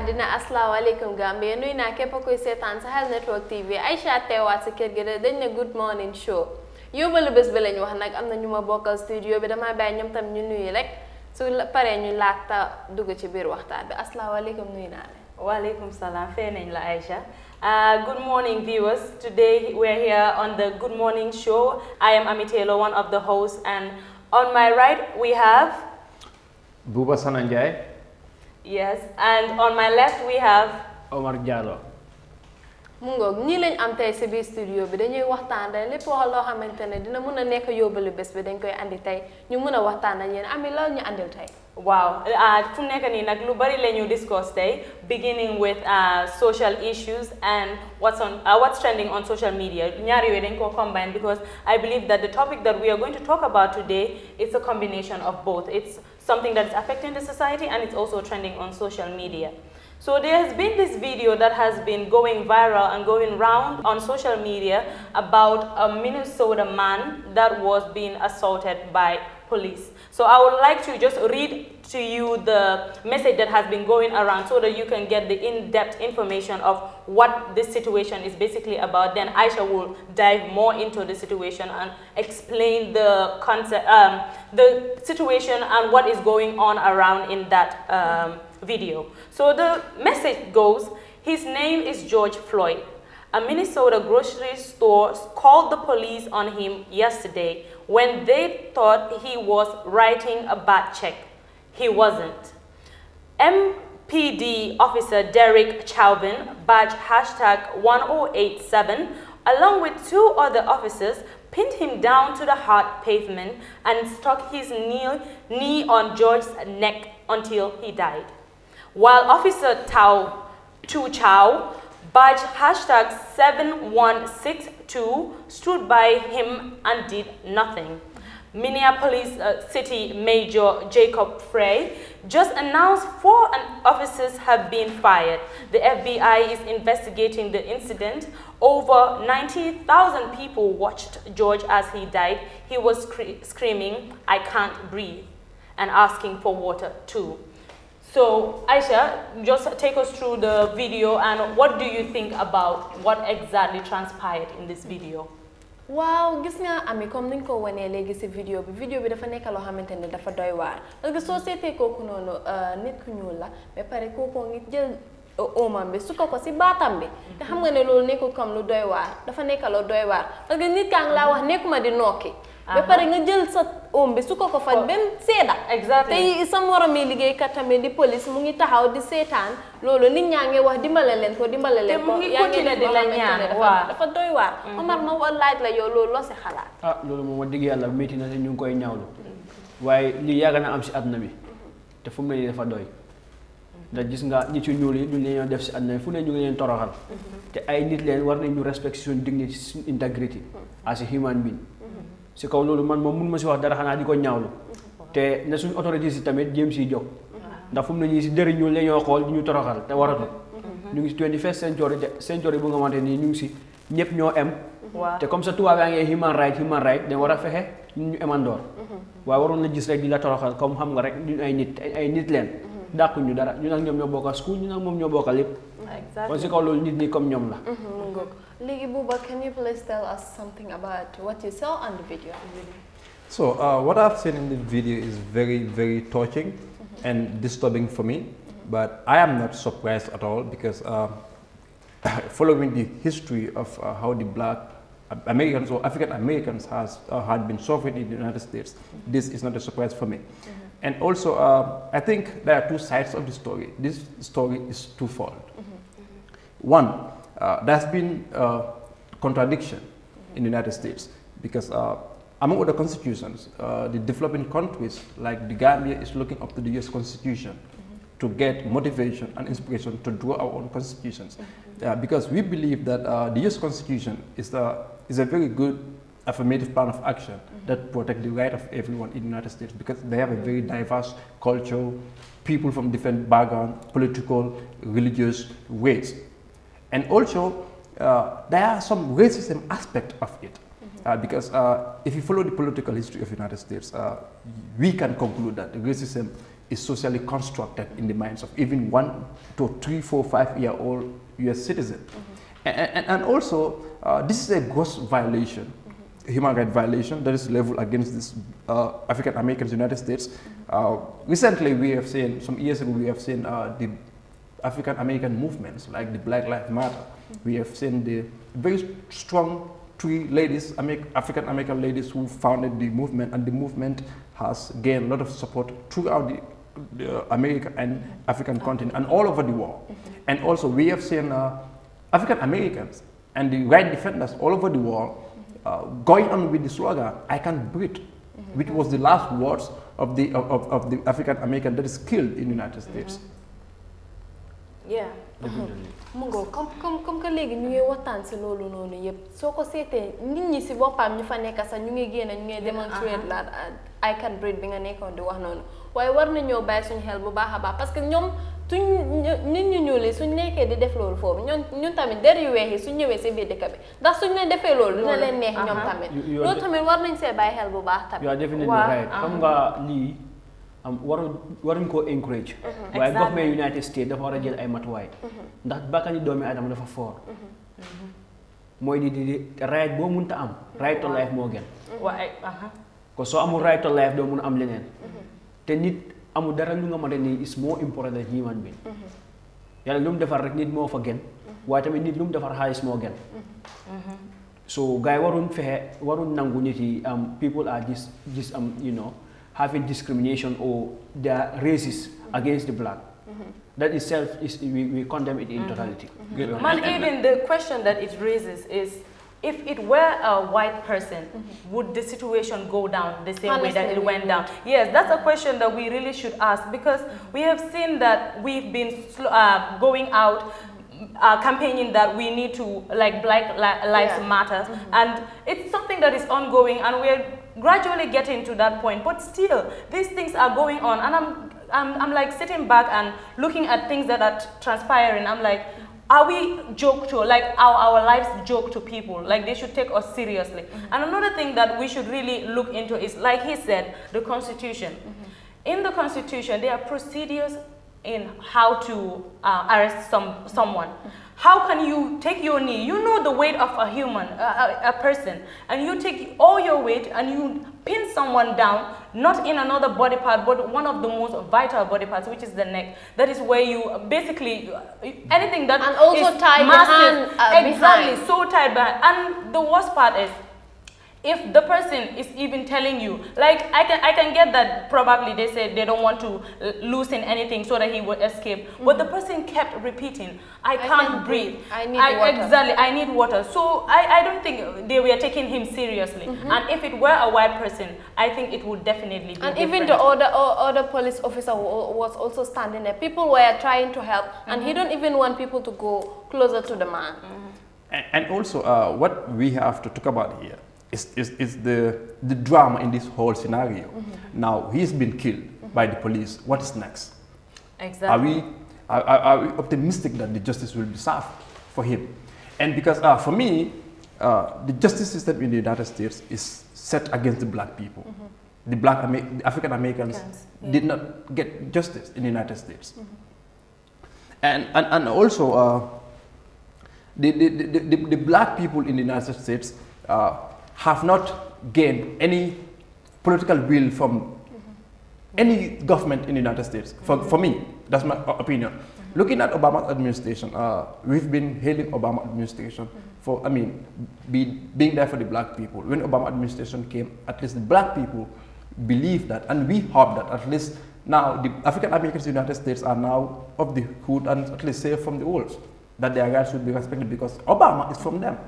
adina assalamu alaikum gambia nuy na képp setan sa Sahel Network TV Aisha Tewa ci kër gëre dañ na good morning show yóbbalu bes be lañ wax nak amna ñuma bokal studio bi dama bay ñom tam ñu nuyu rek su paré ñu laata dugg ci biir waxtaan bi assalamu alaikum nuy naa leen Walaikum salam, la Aisha. Uh, good morning viewers. Today we're here on the Good Morning Show. I am Taylor, one of the hosts and on my right we have... Buba Sananjay. yes and on my left we have. Omar Diallo. mu ngoog ñii lañ am tey si biir studio bi dañuy waxtaan dañ lépp wax loo xamante ne dina mun a nekk yóbbalu bés bi dañ koy andi tey ñu mun a waxtaan ak yéen ami lal ñu andil tey. Wow! Uh, fu mu nekk nii nag discuss beginning with uh, social issues and what's on uh, what's trending on social media combine because I believe that the topic that we are going to talk about today is a combination of both it's something that is affecting the society and it's also trending on social media so there has been this video that has been going viral and going round on social media about a Minnesota man that was being assaulted by police so I would like to just read to you the message that has been going around so that you can get the in-depth information of what this situation is basically about. Then Aisha will dive more into the situation and explain the concept, um, the situation and what is going on around in that um, video. So the message goes, his name is George Floyd. A Minnesota grocery store called the police on him yesterday when they thought he was writing a bad check. He wasn't. MPD officer Derek Chauvin, badge hashtag 1087, along with two other officers, pinned him down to the hard pavement and struck his knee, knee on George's neck until he died. While Officer Tao Chau Chao Baj hashtag 7162 stood by him and did nothing. Minneapolis uh, City Major Jacob Frey just announced four officers have been fired. The FBI is investigating the incident. Over 90,000 people watched George as he died. He was screaming, I can't breathe, and asking for water too. So Aisha, just take us through the video and what do you think about what exactly transpired in this video? Wow, gis nga ami comme ni ñu ko wanee léegi si vidéo bi vidéo bi dafa nekk loo xamante ne dafa doy waar parce que soo seetee kooku noonu euh, nit ku ñuul la mais pare kooku ngi jël óomam euh, bi su ko ko si bi te xam nga ne loolu nekkul comme lu doy waar dafa nekk loo doy waar parce que nit kaa ngi wax nekkuma di nokki ba ya pare nga jël sa oom bi su ko ko faj ba mu seeda te sa mi liggey katame di police mu ngi taxaw di setan lolo nit ñaa ngi wax dimbale len ko dimbale len ko ya ngi di la ñaan dafa doy waar mm-hmm. Omar no war laaj la yo loolu loo si xalaat ah loolu moom wax yalla yàlla na ñu koy ñaawlu waye li yàgg na am ci àdduna bi mm-hmm. te fu meli dafa doy da gis nga ñi ci ñuul yi ñu leen def ci àdduna fu ne ñu leen toroxal mm-hmm. te ay nit leen war nañ ñu respect si suñu dignity suñu as a human being si kaw loolu man moom mun ma si wax dara xanaa di ko ñaawlu te ne suñu autorité si tamit jéem siy jóg ndax fu mu ne ñii si dëriñ ñu la ñoo xool di ñu toroxal te waratu mhm. ñu ngi si 21st century century bu nga xamante nii ñu ngi si ñëpp ñoo em te comme sa tubaab yaa ngi human right human right dañ war a fexe ñu ñu emandoor mhm. waaye waroon la gis rek di la toroxal comme xam nga rek ñu ay nit ay nit leen dàqu ñu dara ñu nag ñoom ñoo bokka school ñu ñoo lépp exactly kon si nit ñi comme ñoom la mm-hmm, Buba can you please tell us something about what you saw on the video so uh, what I've seen in the video is very very touching mm -hmm. and disturbing for me mm -hmm. but I am not surprised at all because uh, following the history of uh, how the black uh, Americans or African Americans has uh, had been suffering in the United States, mm -hmm. this is not a surprise for me. Mm-hmm. And also, uh, I think there are two sides of the story. This story is twofold. Mm -hmm. One, uh, there's been uh, contradiction mm -hmm. in the United States because uh, among other constitutions, uh, the developing countries like the Gambia is looking up to the U.S. Constitution mm -hmm. to get motivation and inspiration to draw our own constitutions mm-hmm. because we believe that the U.S. Constitution is, the, is a very good affirmative plan of action mm -hmm. that protect the right of everyone in the United States because they have a very diverse culture, people from different background, political, religious, race. And also, uh, there are some racism aspect of it. Uh, because uh, if you follow the political history of the United States, uh, we can conclude that racism is socially constructed in the minds of even one to three, four, five year old US citizen. Mm -hmm. and, and, and, also, uh, this is a gross violation human rights violation that is leveled against these uh, African Americans in the United States. Uh, recently, we have seen, some years ago, we have seen uh, the African American movements like the Black Lives Matter. We have seen the very strong three ladies, African American ladies who founded the movement, and the movement has gained a lot of support throughout the, the America and African continent and all over the world. Mm -hmm. And also, we have seen uh, African Americans and the right defenders all over the world uh, going on with the slogan, I can breathe, mm -hmm. which was the last words of the, of, of the African American that is killed in the United States. Mm -hmm. Yeah. mu ngoog comme comme comme que léegi ñu ngi waxtaan si loolu noonu yëpp soo ko seetee nit ñi si boppam ñu fa nekk sax ñu ngi génn ñu ngi démontrate la uh-huh. uh, I can breathe bi nga nekkoon di wax noonu waaye war nañoo bàyyi suñu xel bu baax a baax parce que ñoom suñ nit ñu ñuul yi suñ nekkee di def loolu foofu ñoon ñu tamit der yu weex yi suñ ñëwee si biir dëkk bi ndax suñ leen defee loolu dina leen neex ñoom tamit loolu tamit war nañ see bàyyi xel bu baax tamit waaw definitely xam nga lii am waru waruñ koo encourage waaye government United States dafa war a jël ay matuwaay ndax bàkkani doomi aadama dafa foor mooy di di right boo munta am right to life moo gën ko soo amul right to life doo mun a am leneen te nit amul dara lu nga is more important than human being yàlla lu mu defar rek nit moo fa gën waaye tamit nit lu mu defar xaalis moo gën so gars yi waruñ fexe waruñ nangu nit yi am um, people are just um, just you know having discrimination or they are racist mm-hmm. against the black mm-hmm. that itself is we, we condemn it in mm-hmm. totality man even the question that it raises is if it were a white person, mm -hmm. would the situation go down the same Honestly, way that it went down? Yes, that's a question that we really should ask because we have seen that we've been uh, going out uh, campaigning that we need to, like, Black Lives yeah. Matter. Mm -hmm. And it's something that is ongoing and we're gradually getting to that point. But still, these things are going on and I'm, I'm, I'm like sitting back and looking at things that are transpiring. I'm like, are we joke to like our, our lives joke to people like they should take us seriously mm -hmm. and another thing that we should really look into is like he said the constitution mm -hmm. in the constitution there are procedures in how to uh, arrest some someone mm -hmm. How can you take your knee? You know the weight of a human, a, a, a person, and you take all your weight and you pin someone down, not in another body part, but one of the most vital body parts, which is the neck. That is where you basically anything that and also tie massive, hand, uh, exactly behind. so tied by. And the worst part is if the person is even telling you like i can i can get that probably they said they don't want to loosen anything so that he would escape mm -hmm. but the mm-hmm. person kept repeating i can't, I breathe. breathe. i need I, water exactly i need water so i i don't think they were taking him seriously mm -hmm. and if it were a white person i think it would definitely be and different. even the other other police officer was also standing there people were trying to help mm -hmm. and he mm-hmm. don't even want people to go closer to the man mm-hmm. and, and also uh, what we have to talk about here is, is, is the, the drama in this whole scenario. Mm -hmm. Now he's been killed mm -hmm. by the police. What is next? Exactly. Are we, are, are we optimistic that the justice will be served for him? And because uh, for me, uh, the justice system in the United States is set against the black people. Mm -hmm. The black Amer African Americans yeah. did not get justice in the United States. Mm-hmm. And, and, and also, uh, the, the, the, the, black people in the United States uh, have not gained any political will from mm -hmm. any government in the United States. For, for me, that's my opinion. Looking at Obama administration, uh, we've been hailing Obama administration for, I mean, be, being there for the black people. When Obama administration came, at least the black people believe that and we hope that at least now the African Americans in the United States are now of the hood and at least safe from the wolves that their rights should be respected because Obama is from them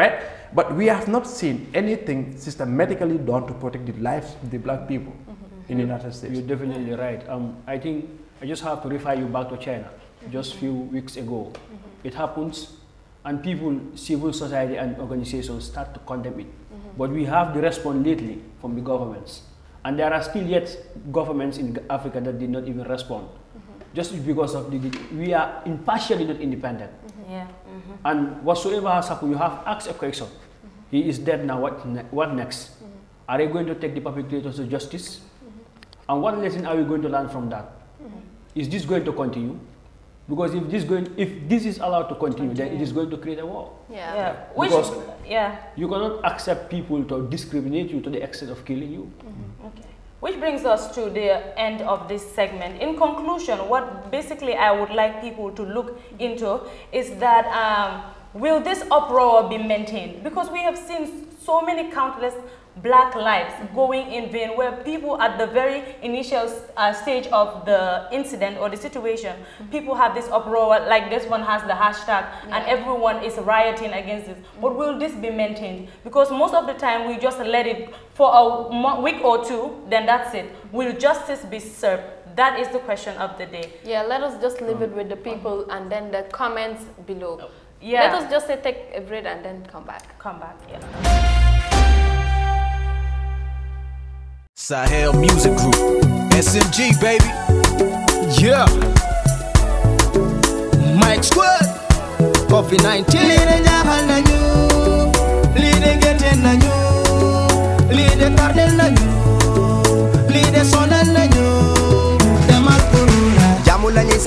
right? But we have not seen anything systematically done to protect the lives of the black people mm -hmm. in the United States. You're definitely right. Um, I think I just have to refer you back to China just few weeks ago. It happens and people, civil society and organizations start to condemn it. But we have the response lately from the governments. And there are still yet governments in Africa that did not even respond. Just because of the, we are impartially not independent yeah. Mm -hmm. And whatsoever has happened, you have asked a question. Mm-hmm. He is dead now. What ne what next? Mm-hmm. Are you going to take the perpetrators to justice? Mm-hmm. And what lesson are we going to learn from that? Is this going to continue? Because if this going, if this is allowed to continue, continue. then it is going to create a war. Yeah. yeah. Because Which, yeah. you cannot accept people to discriminate you to the extent of killing you. Mm -hmm. Okay. Which brings us to the end of this segment. In conclusion, what basically I would like people to look into is that um, will this uproar be maintained? Because we have seen so many countless black lives going in vain where people at the very initial uh, stage of the incident or the situation mm -hmm. people have this uproar like this one has the hashtag yeah. and everyone is rioting against this mm -hmm. but will this be maintained because most of the time we just let it for a week or two then that's it will justice be served that is the question of the day yeah let us just leave it mm. with the people and then the comments below yeah let us just say take a break and then come back come back yeah Sahel Music Group. SMG, baby. Yeah. Mike Squad. Coffee 19.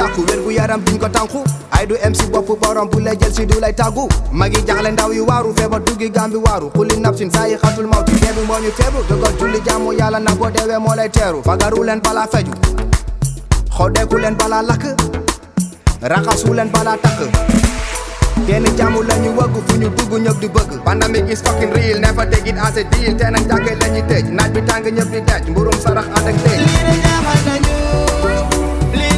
sàkku wér gu yaram duñ ko tànku ay du MC bopp borom bu lay jël si du lay tàggu magi jaaxle ndaw yi waaru feebar duggi gambi waaru xuli nafsin saa yi xatul mawti deebi moo ñu feebu dëggal julli jaamu yàlla na boo deewee moo lay teeru fagaru leen balaa feju xodeeku leen balaa lakk raxasu leen balaa takk genn jàmm la wëgg fu ñu dugg ñëpp di bëgg pandemic is fucking real never take it as a deal te nag jàkkee la ñuy tëj naaj bi tàng ñëpp di tëj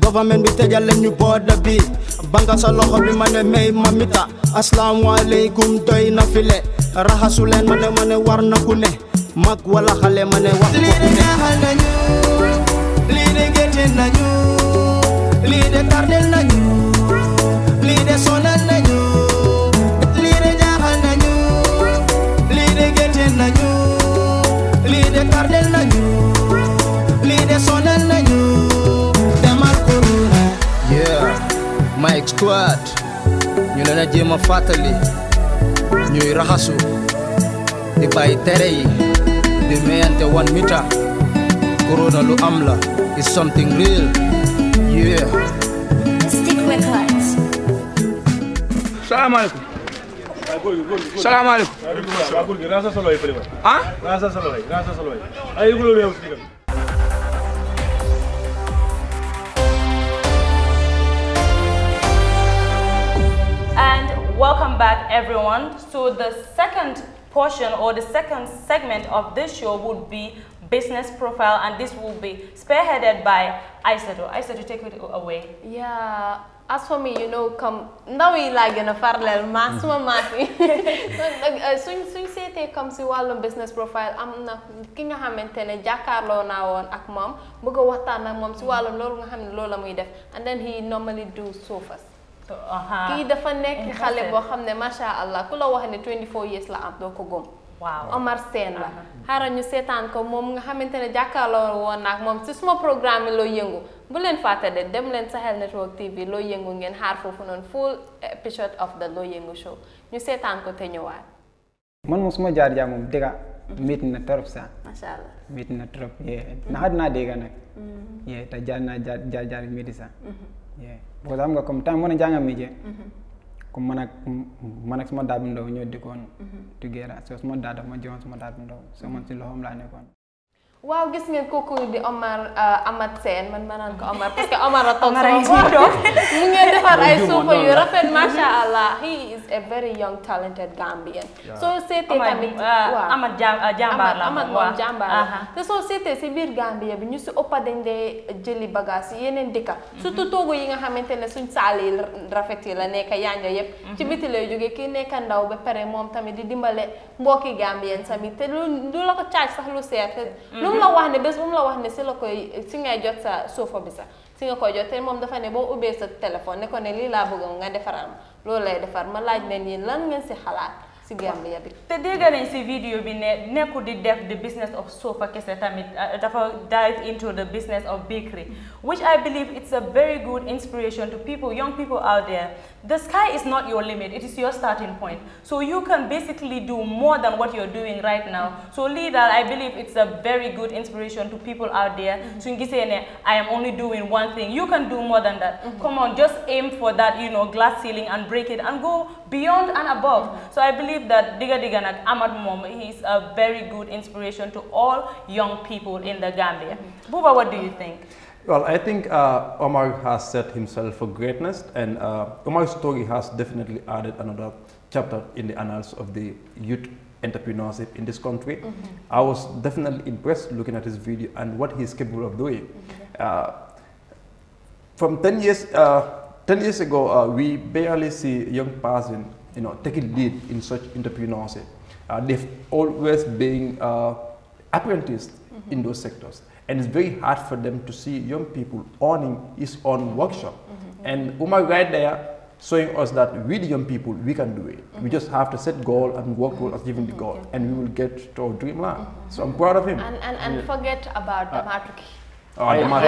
government bi tejal ñu border bi banga sa loxo bi mané may mamita assalamu alaykum doy na filé rahasu len mané mané war na ku né mag wala xalé mané wax ko ku né li de gete nañu li de tardel nañu li de sonal nañu li de jaaxal nañu li de gete nañu li de tardel nañu li de sonal histoire ñu leen a jéem a fàttali ñuy raxasu di bàyyi tere yi di meyante one mita corona lu am la is something real yeah stick with heart salaamaaleykum salaamaaleykum ah Welcome back, everyone. So the second portion or the second segment of this show would be business profile and this will be spearheaded by Aisato. Aisato, take it away. Yeah, as for me, you know, come, now we like in a parallel, mass, mass. Swing, swing, say, take come see on business profile. I'm not king of Hamentene, Jacarlo now on Akmom, Bugo Watana, Mom, see Wallon, Lola, Lola, def, and then he normally do sofas. kii dafa nekk xale boo xam ne macha allah ku la wax ne 24 years la am doo ko gom waaw Omar Sène la xaaral ñu seetaan ko moom nga xamante ne jàkkaarloo woon naag moom suma programme yi loo yëngu bu leen fàtte dem leen Sahel Network TV loo yëngu ngeen xaar foofu noonu full episode of the loo yëngu te ñëwaat. man moom suma jaar jaar moom dëgga métti na trop sax. macha allah métti na trop. naxaat naa dégg nag. Mm-hmm. te jaar naa jaar jaar métti sax. Mm-hmm. parce que xam nga comme temps mën a jàng métier mhm. comme man ak man suma daal bu ndaw di koon mhm. Tugéera so suma daal dafa ma joxoon suma daal bu ndaw so man si loxoom laa nekkoon. Wow, gis ngeen kooku di Omar uh, Amath sen man ma naan ko Omar parce que Omar a toog sama photo mu ngeen defar ay suufa yu rafet macha allah he is a very young talented Gambian. soo seetee tamit waaw Amath jàmbaar la Amath moom jàmbaar la te soo seetee si biir Gambia bi ñu si ëpp dañ dee jëli bagage yi yeneen dëkka mhm. surtout toogu yi nga xamante ne suñ saal yi rafet yi la nekk yaaño yépp mhm. ci biti lay jógee kii nekk ndaw ba pare moom tamit di dimbale mbokki Gambien tamit te lu la ko caaj sax lu seet mu la wax ne bés bu mu la wax ne si la koy si ngay jot sa sofa bi sax si nga koy jot te moom dafa ne boo ubbee sa téléphone ne ko ne lii laa bëgg nga defaral ma loolu lay defar ma laaj leen yéen lan ngeen si xalaat si ya bi te dégg nañ si vidéo bi ne nekkul di def the business of sofa kese tamit dafa dive into the business of bakery which I believe it's a very good inspiration to people, young people out there. The sky is not your limit, it is your starting point. So you can basically do more than what you're doing right now. So leader, I believe it's a very good inspiration to people out there. Mm -hmm. I am only doing one thing. You can do more than that. Mm -hmm. Come on, just aim for that, you know, glass ceiling and break it and go beyond and above. Mm -hmm. So I believe that Diga Diganak Ahmad Mom, he's a very good inspiration to all young people in the Gambia. Mm-hmm. Buba, what do you think? Well, I think uh, Omar has set himself for greatness, and uh, Omar's story has definitely added another chapter in the annals of the youth entrepreneurship in this country. Mm -hmm. I was definitely impressed looking at his video and what he's capable of doing. Mm -hmm. uh, from 10 years, uh, 10 years ago, uh, we barely see young person you know, taking lead in such entrepreneurship. Uh, they've always been uh, apprenticed mm -hmm. in mm-hmm. those sectors. And it's very hard for them to see young people owning his own workshop. Mm -hmm. And Umar right there showing us that with young people, we can do it. Mm -hmm. We mm-hmm. just have to set goal and work towards achieving mm-hmm. the goal and we will get to our dreamland. Mm-hmm. So I'm proud of him. And, and, and yeah. forget about uh, oh, the uh, Oh, I am wow.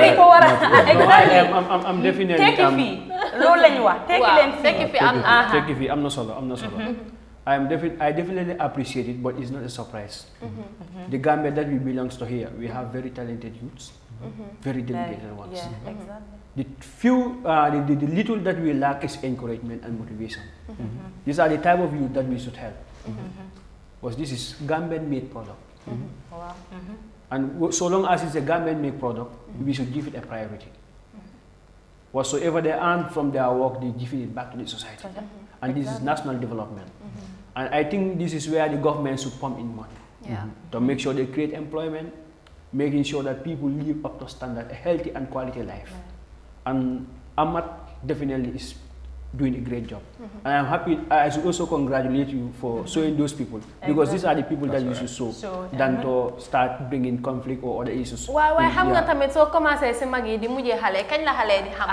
exactly. I am, I'm, I'm, I'm definitely. Take it fee. Roll and Take it fee. Take I'm not solo. I'm not solo. I'm defi I definitely appreciate it, but it's not a surprise. Mm -hmm. Mm -hmm. The Gambia that we belongs to here, we have very talented youths, mm-hmm. very dedicated ones. Yeah, exactly. Mm-hmm. The few, uh, the, the, the, little that we lack is encouragement and motivation. Mm-hmm, These are the type of youth that we should help. Because this is Gambian-made product. Wow. And so long as it's a Gambian-made product, we should give it a priority whatsoever they earn from their work, they give it back to the society. Mm -hmm. And exactly. this is national development. And I think this is where the government should pump in money yeah. Mm-hmm. to make sure they create employment, making sure that people live up to standard, a healthy and quality life. And Amat definitely is doing a great job. Mm I am happy. I should also congratulate you for sowing those people because these are the people that right. you should so, than to start bringing conflict or other issues. waaw waaye xam nga tamit soo commencé si mag yi di mujjee xale kañ la xale di xam.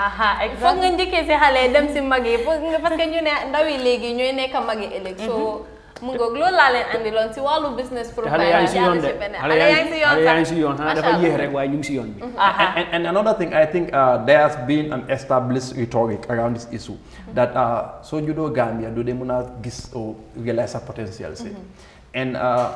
foog nga njëkkee si xale dem si mag yi parce que ñu ne ndaw yi léegi ñooy nekk mag yi ëllëg. mu ngoog loolu laa leen business profile xale si yoon de xale yaa ngi si yoon xanaa dafa yéex rek waaye ñu ngi si yoon bi mm-hmm. and another thing I think uh, there has been an established rhetoric around this issue mm-hmm. that uh, soo juddoo Gambia do dee mën a gis or oh, realize a potential si mm-hmm. and uh,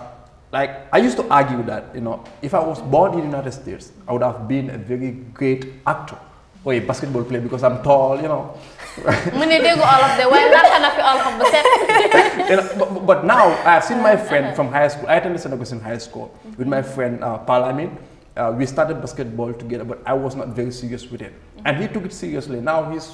like I used to argue that you know if I was born in the United States I would have been a very great actor oh basketball player because I'm tall, you know. mu ne dégg olof de waaye naka na fi set. but now I have seen my uh-huh. friend from high school. I attended St. in High School with my friend uh, Palamin. Uh, we started basketball together, but I was not very serious with it. And he took it seriously. Now he's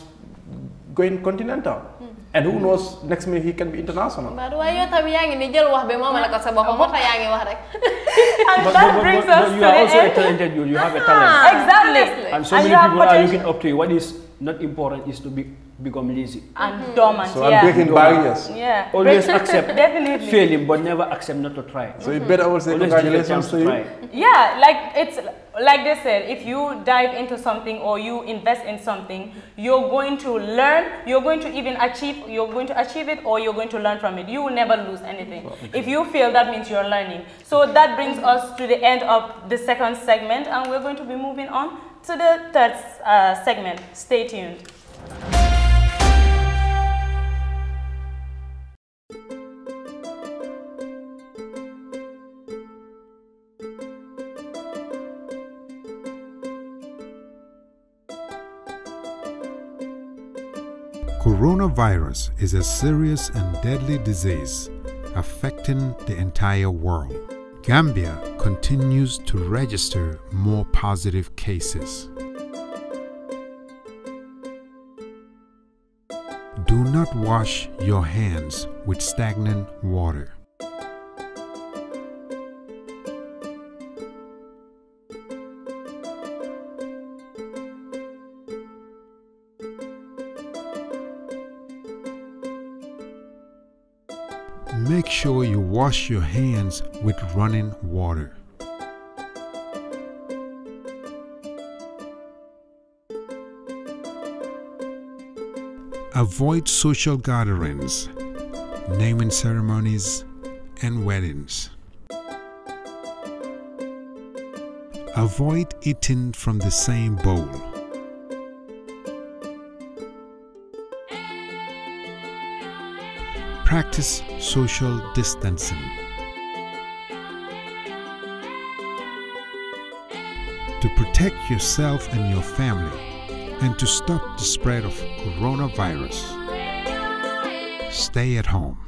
going continental. Hmm. and who knows next minute he can be international. Baru ayo tapi yang ini jel wah bema malaikat sebab kamu kayak yang wahrek. And but, that but, brings but, us but you are also a talented you. You have a talent. Ah, exactly. And so and many people are looking up to you. What is not important is to be become lazy. And mm. Mm-hmm. dormant, So yeah. I'm breaking barriers. Yeah. Always accept. Definitely. Failing, but never accept not to try. So you mm-hmm. better always say always congratulations to you. Try. Yeah, like it's like they said, if you dive into something or you invest in something, you're going to learn, you're going to even achieve, you're going to achieve it or you're going to learn from it. You will never lose anything. Okay. If you fail, that means you're learning. So that brings us to the end of the second segment and we're going to be moving on to the third uh, segment. Stay tuned. Coronavirus is a serious and deadly disease affecting the entire world. Gambia continues to register more positive cases. Do not wash your hands with stagnant water. make sure you wash your hands with running water. Avoid social gatherings, naming ceremonies, and weddings. Avoid eating from the same bowl. practice social distancing. To protect yourself and your family and to stop the spread of coronavirus, stay at home.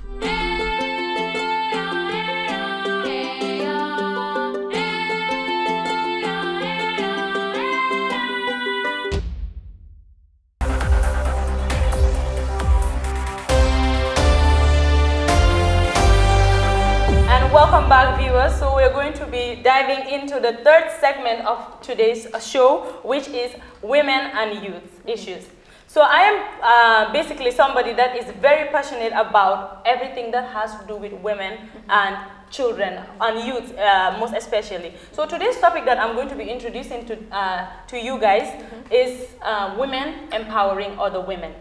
the third segment of today's show, which is women and youth issues. So I am uh, basically somebody that is very passionate about everything that has to do with women and children and youth uh, most especially. So today's topic that I'm going to be introducing to, uh, to you guys is uh, women empowering other women.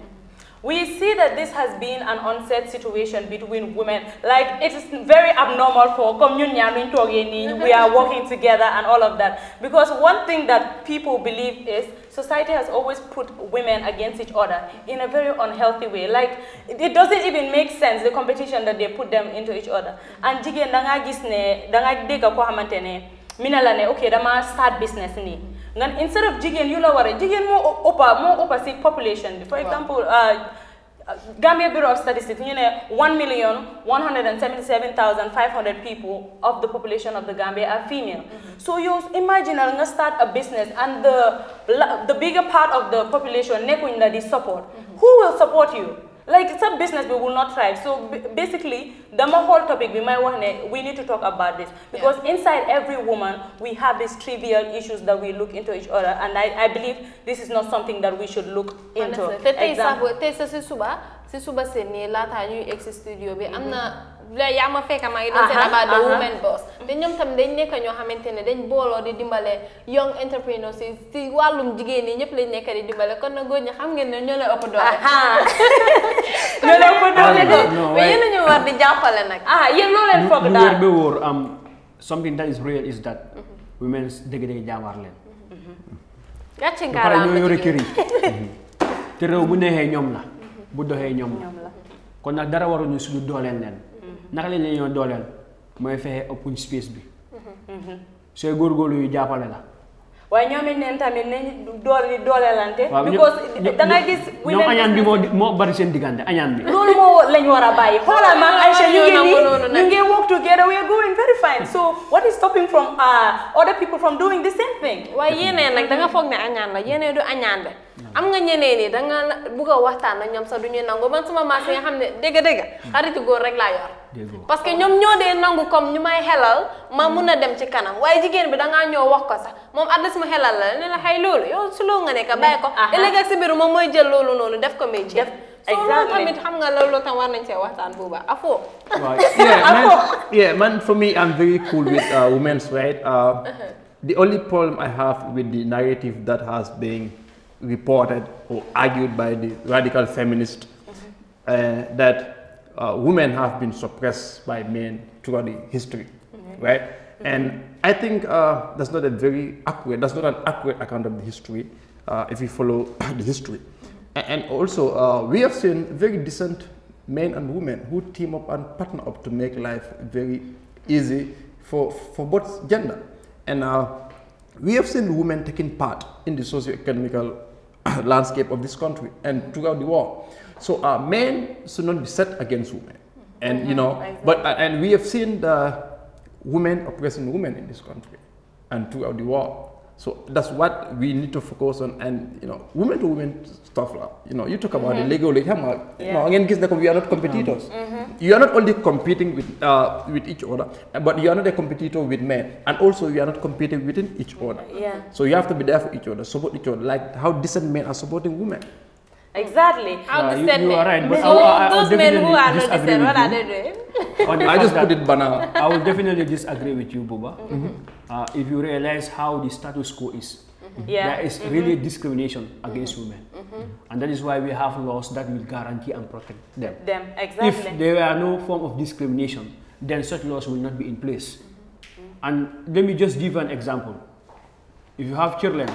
We see that this has been an onset situation between women. Like, it is very abnormal for communion, we are working together and all of that. Because one thing that people believe is society has always put women against each other in a very unhealthy way. Like, it doesn't even make sense, the competition that they put them into each other. And jigen, danga gisne, danga dega kwa hamantene, minalane, okay, dama start business ni then instead of jigéen you know war a more opa more opa ëppa population for example uh, Gambia Bureau of Statistics ñu one million one hundred and seventy seven thousand five hundred people of the population of the Gambia are female mm-hmm. so you imagine, I'm gonna start a business and the the bigger part of the population neko la di support mm-hmm. who will support you like sa business bi will not thrive so basically dama whole topic bi may wax ne we need to talk about this because inside every woman we have these trivial issues that we look into each other and I I believe this is not something that we should look into. te tey sax si suba si suba seen nii laataa ñuy egg si studio bi am na. yaama fekk am ay doon seen about the women boss te ñom tam dañ nekk ño xamantene dañ bolo di dimbalé young entrepreneurs ci walum jigéen ñi ñëpp lañ nekk di dimbalé kon na goñ xam ngeen ne ñoo lay ëpp doole ñoo lay ëpp doole ko mais yéen ñu war di jàppale nak ah yéen lo leen fogg daal ñu bi am something that is real is that mhm. women dëgg dëgg jaawar leen gàcce ngaaraam ñoo yore kër yi te réew bu nexé ñom la bu doxee ñom la kon nak dara ñu suñu doole leen naka lañ ñoo dooleel mooy fexe open space bi mm-hmm. sooy góorgóorlu yu jàppale la waaye ñoom it neen tamit nañ dool dooleelante because da gis ñoom añaan bi moo moo bari seen diggante añaan bi loolu moo lañ war a bàyyi xoolal ma Aïcha ñu ngi nii ñu ngi work together we are going very fine so what is stopping from uh, other people from doing the same thing waaye yéenee nag da nga foog ni añaan la yéenee du añaan la am nga ñeneen ni da nga bëgg a waxtaan na ñom sax duñu nangu man sama ma yi nga xamne ne dégg-dégg xaritu góor rek la yor parce que ñom ñoo de nangu comme ñu may xelal ma mëna dem ci kanam waaye jigéen bi da nga ñoo wax ko sax mom addas mu xelal la ne la hay lool yow su lo nga nek bay ko ëllëg ak si mom moy jël loolu nonu def ko métier def exactly tamit xam nga tam war nañ waxtaan afo. yeah man for me I'm very cool with uh, women's right. Uh, uh-huh. the only problem I have with the narrative that has been reported or argued by the radical feminist uh, that uh, women have been suppressed by men throughout the history, mm -hmm. right? Mm -hmm. And I think uh, that's not a very accurate, that's not an accurate account of the history uh, if you follow the history. Mm -hmm. And also, uh, we have seen very decent men and women who team up and partner up to make life very easy for, for both gender. And uh, we have seen women taking part in the socio-economical landscape of this country and throughout the world. So uh, men should not be set against women. And, you know, mm-hmm. but, uh, and we have seen the women oppressing women in this country and throughout the world. So that's what we need to focus on, and you know, women to women stuff. You know, you talk about mm -hmm. the mm-hmm. Lego, yeah. you know, again, we are not competitors. Mm -hmm. You are not only competing with uh, with each other, but you are not a competitor with men, and also you are not competing within each other. Yeah. So you have to be there for each other, support each other, like how decent men are supporting women. Exactly. How yeah, decent you, you men. are right, but so I, I, those men who are not decent, what are they doing? I just put it banal. I will definitely disagree with you, Buba. Mm -hmm uh, if you realize how the status quo is, mm-hmm. yeah. there is mm-hmm. really discrimination against mm-hmm. women. And that is why we have laws that will guarantee and protect them. Them, exactly. If there were no form of discrimination, then such laws will not be in place. And let me just give an example. If you have children,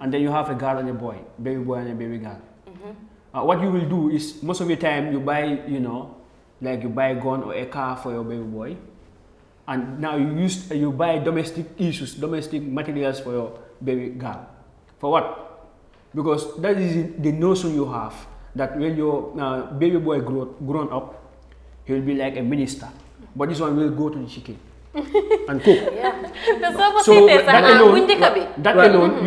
and then you have a girl and a boy, baby boy and a baby girl, uh, what you will do is most of the time you buy, you know, like you buy a gun or a car for your baby boy, and now you use uh, you buy domestic issues, domestic materials for your baby girl. For what? Because that is the notion you have that when your uh, baby boy grown up, he will be like a minister. But this one will go to the chicken and cook. that uh, the mm-hmm. mentality mm-hmm.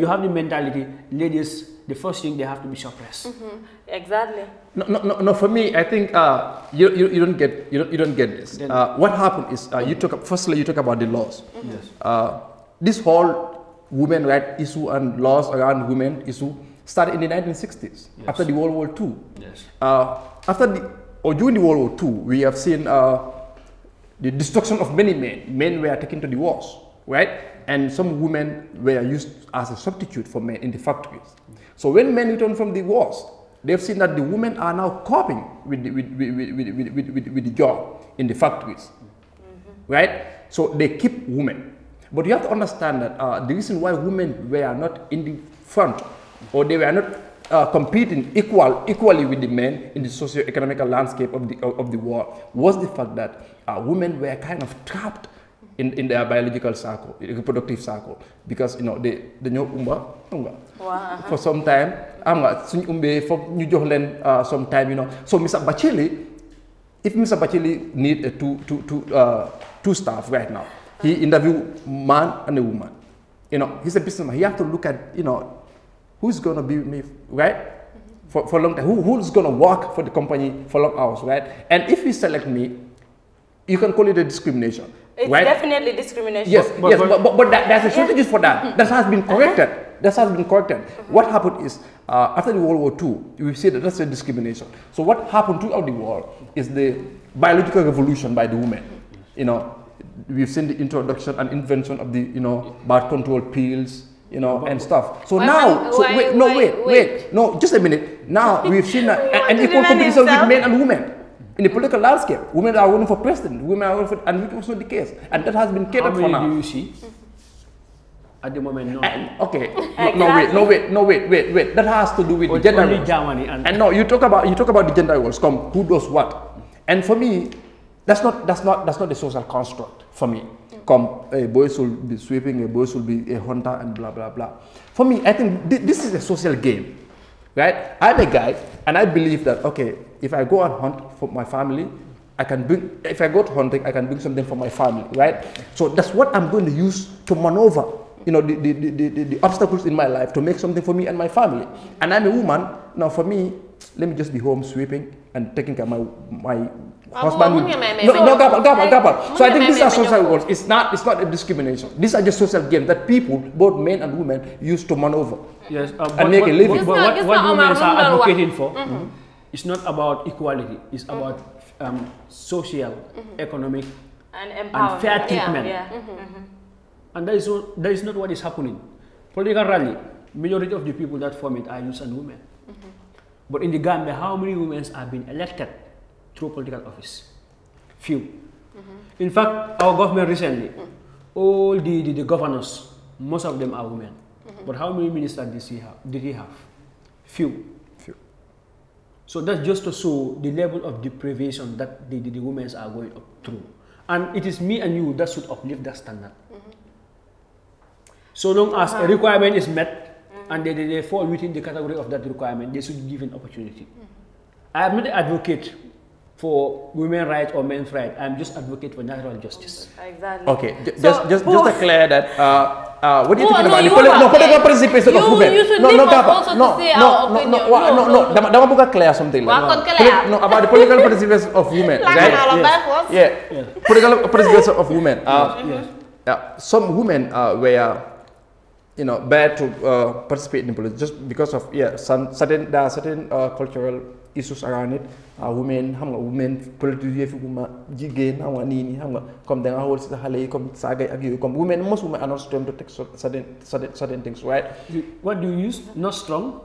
you have the mentality, ladies the first thing they have to be suppressed. Mm -hmm. Exactly. No, no, no, no, For me, I think uh, you, you, you don't get you don't, you don't get this. Uh, what happened is uh, you talk firstly you talk about the laws. Mm -hmm. Yes. Uh, this whole women right issue and laws around women issue started in the 1960s yes. after the World War II. Yes. Uh, after the or during the World War II, we have seen uh, the destruction of many men. Men were taken to the wars, right? And some women were used as a substitute for men in the factories. So when men return from the wars, they've seen that the women are now coping with the, with, with, with, with, with, with the job in the factories, mm -hmm. right? So they keep women. But you have to understand that uh, the reason why women were not in the front or they were not uh, competing equal, equally with the men in the socio-economic landscape of the, of, of the war was the fact that uh, women were kind of trapped in, in their biological circle, reproductive circle. Because, you know, they, know umba, xam nga. for some time. am nga new umbee foog New jox uh, some time, you know. So Mr. Bacheli, if Mr. Bacheli need a two, two, two, uh, two staff right now, he interview man and a woman. You know, he's a businessman. He have to look at, you know, who's going to be with me, right? For, for long time, Who, who's going to work for the company for long hours, right? And if you select me, you can call it a discrimination. It's right? definitely discrimination. Yes, but, yes, but, but, but that, there's a strategy yeah. for that. That has been uh-huh. corrected. Uh -huh. That has been corrected. Uh -huh. What happened is, uh, after the World War II, we see that that's a discrimination. So what happened throughout the world is the biological revolution by the women. You know, we've seen the introduction and invention of the, you know, birth control pills, you know, and stuff. So why, now, so why, wait, no, wait, wait, wait, no, just a minute. Now we've seen an equal competition with men and women in the political landscape. Women are running for president, women are running for, and it was not the case. And that has been catered for now. How many do you see? At the moment, no. And, okay, exactly. no, wait, no, wait, no, wait, wait, wait. That has to do with the gender roles. Germany and, and no, you talk about you talk about the gender roles. Come, who does what? And for me, that's not that's not that's not the social construct for me. Come, a boy should be sweeping, a boy should be a hunter, and blah blah blah. For me, I think th this is a social game, right? I'm a guy, and I believe that okay, if I go and hunt for my family, I can bring, if I go to hunting, I can bring something for my family, right? So that's what I'm going to use to maneuver, you know, the, the, the, the, the obstacles in my life to make something for me and my family. And I'm a woman. Now, for me, let me just be home sweeping and taking care of my, my ah, husband. no, no, gabal, gabal, gabal. So I think these are social roles. It's not, it's not a discrimination. These are just social games that people, both men and women, use to maneuver yes, uh, and make what, a living. But what, what, women are advocating for. Mm -hmm it's not about equality. It's mm about um, social, mm -hmm. economic, and, and fair treatment. Yeah, yeah. Mm-hmm. Mm-hmm. And that is, that is not what is happening. Political rally, majority of the people that form it are youths and women. But in the Gambia, how many women have been elected through political office? Few. In fact, our government recently, mm. all the, the, the, governors, most of them are women. But how many ministers Did he have? Few. So that's just to show the level of deprivation that the, the, the women are going up through. And it is me and you that should uplift that standard. Mm -hmm. So long as a uh-huh. requirement is met mm -hmm. and they, they, they, fall within the category of that requirement, they should be given opportunity. Mm -hmm. I am not an advocate for women rights or men's rights. I'm just advocate for natural justice. Exactly. Okay, so just, just, just to clear that uh, uh, what do you well, oh, think no, about you Nicola, no, political participation of women? No, no, also no, to say no, our opinion. no, no, no, no, no, no, no, buka clear something like no. Clear. no, about the political participation of women, right? Yes. Yeah. yeah, political participation of women. Uh, yes. yeah. Some women uh, were, you know, bad to uh, participate in politics just because of yeah, some certain there are certain uh, cultural issues around it uh, women how many women politique If you ma jigéen xam how many? nii xam nga comme da nga xool si Come, xale yi comme saaga ak yooyu women are not strong to take certain certain certain things right. what do you use not strong.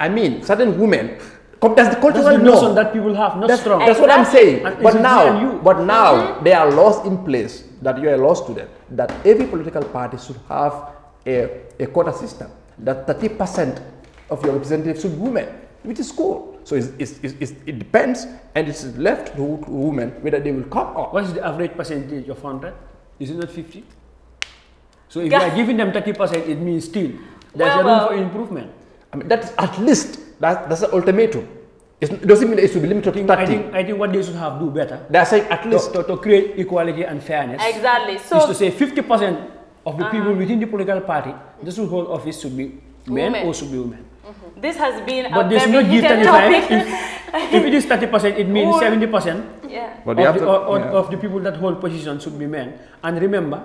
I mean certain women. Come, that's the cultural that's the notion that people have, not that's, strong. That's what I'm saying. And but now, but now mm they are lost in place that you are lost to them. That every political party should have a, a quota system. That 30% of your representatives should be women, which is cool. So it's, it's, it's, it depends and it's left to women whether they will come or. What is the average percentage of 100? Is it not 50? So if you are giving them 30%, it means still there's well, a room well. for improvement. I mean, that's at least, that, that's an ultimatum. It's, it doesn't mean it should be limited to 30. I think, I think what they should have do better. They're saying at least. To, to, create equality and fairness. Exactly. So is to say 50% of the uh -huh. people within the political party, this whole office should be men women. or should be women. Mm-hmm. This has been but a very no Topic. If, if it is 30%, it means 70% yeah. but of, the, to yeah. of the people that hold position should be men. And remember,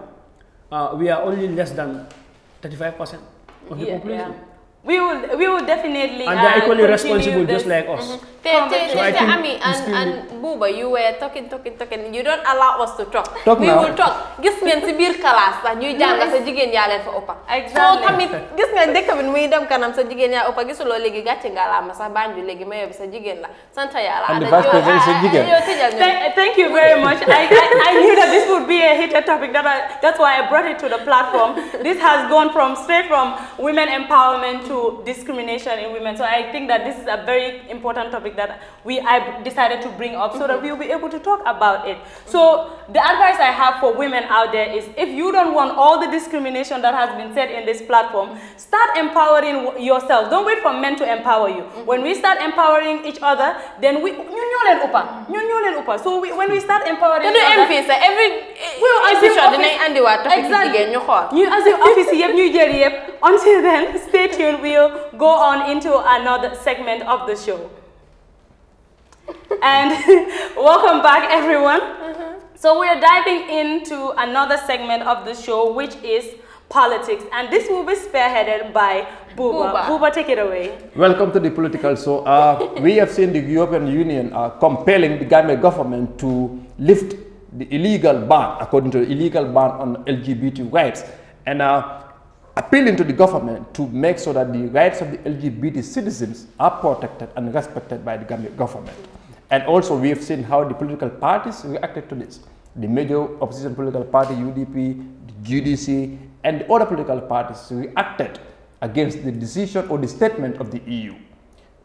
uh, we are only less than 35% of the yeah, population. Yeah. we will we will definitely and they're uh, equally uh, responsible just like us mm -hmm. and, Buba you were talking talking talking you don't allow us to talk, talk we gis ngeen si biir classe sax ñuy sa jigéen yaa leen fa ëppa soo gis ngeen dëkk bi muy dem kanam sa jigéen yaa ëppa gisuloo léegi gàcce nga laa ma sax banju léegi mayo bi sa jigéen la sant yàlla yow ah, ah, tëjal ñu thank you very much I, I, I knew that this would be a heated topic that I, that's why I brought it to the platform this has gone from to discrimination in women. So I think that this is a very important topic that we I decided to bring up so that mm-hmm. we'll be able to talk about it. So the advice I have for women out there is if you don't want all the discrimination that has been said in this platform, start empowering yourself. Don't wait for men to empower you. Mm-hmm. When we start empowering each other, then we mm-hmm. so we, when we start empowering each other, every eh, well, institution dinañ office, exactly. jigéen ñu xool. as office you have new until then stay tuned will go on into another segment of the show. and welcome back, everyone. Mm -hmm. So we're diving into another segment of the show, which is politics. And this will be spearheaded by Buba. Buba, take it away. Welcome to the political show. Uh, we have seen the European Union uh, compelling the Gambia government to lift the illegal ban, according to the illegal ban on LGBT rights. And uh, appealing to the government to make sure that the rights of the LGBT citizens are protected and respected by the government. And also we have seen how the political parties reacted to this. The major opposition political party, UDP, the GDC, and the other political parties reacted against the decision or the statement of the EU.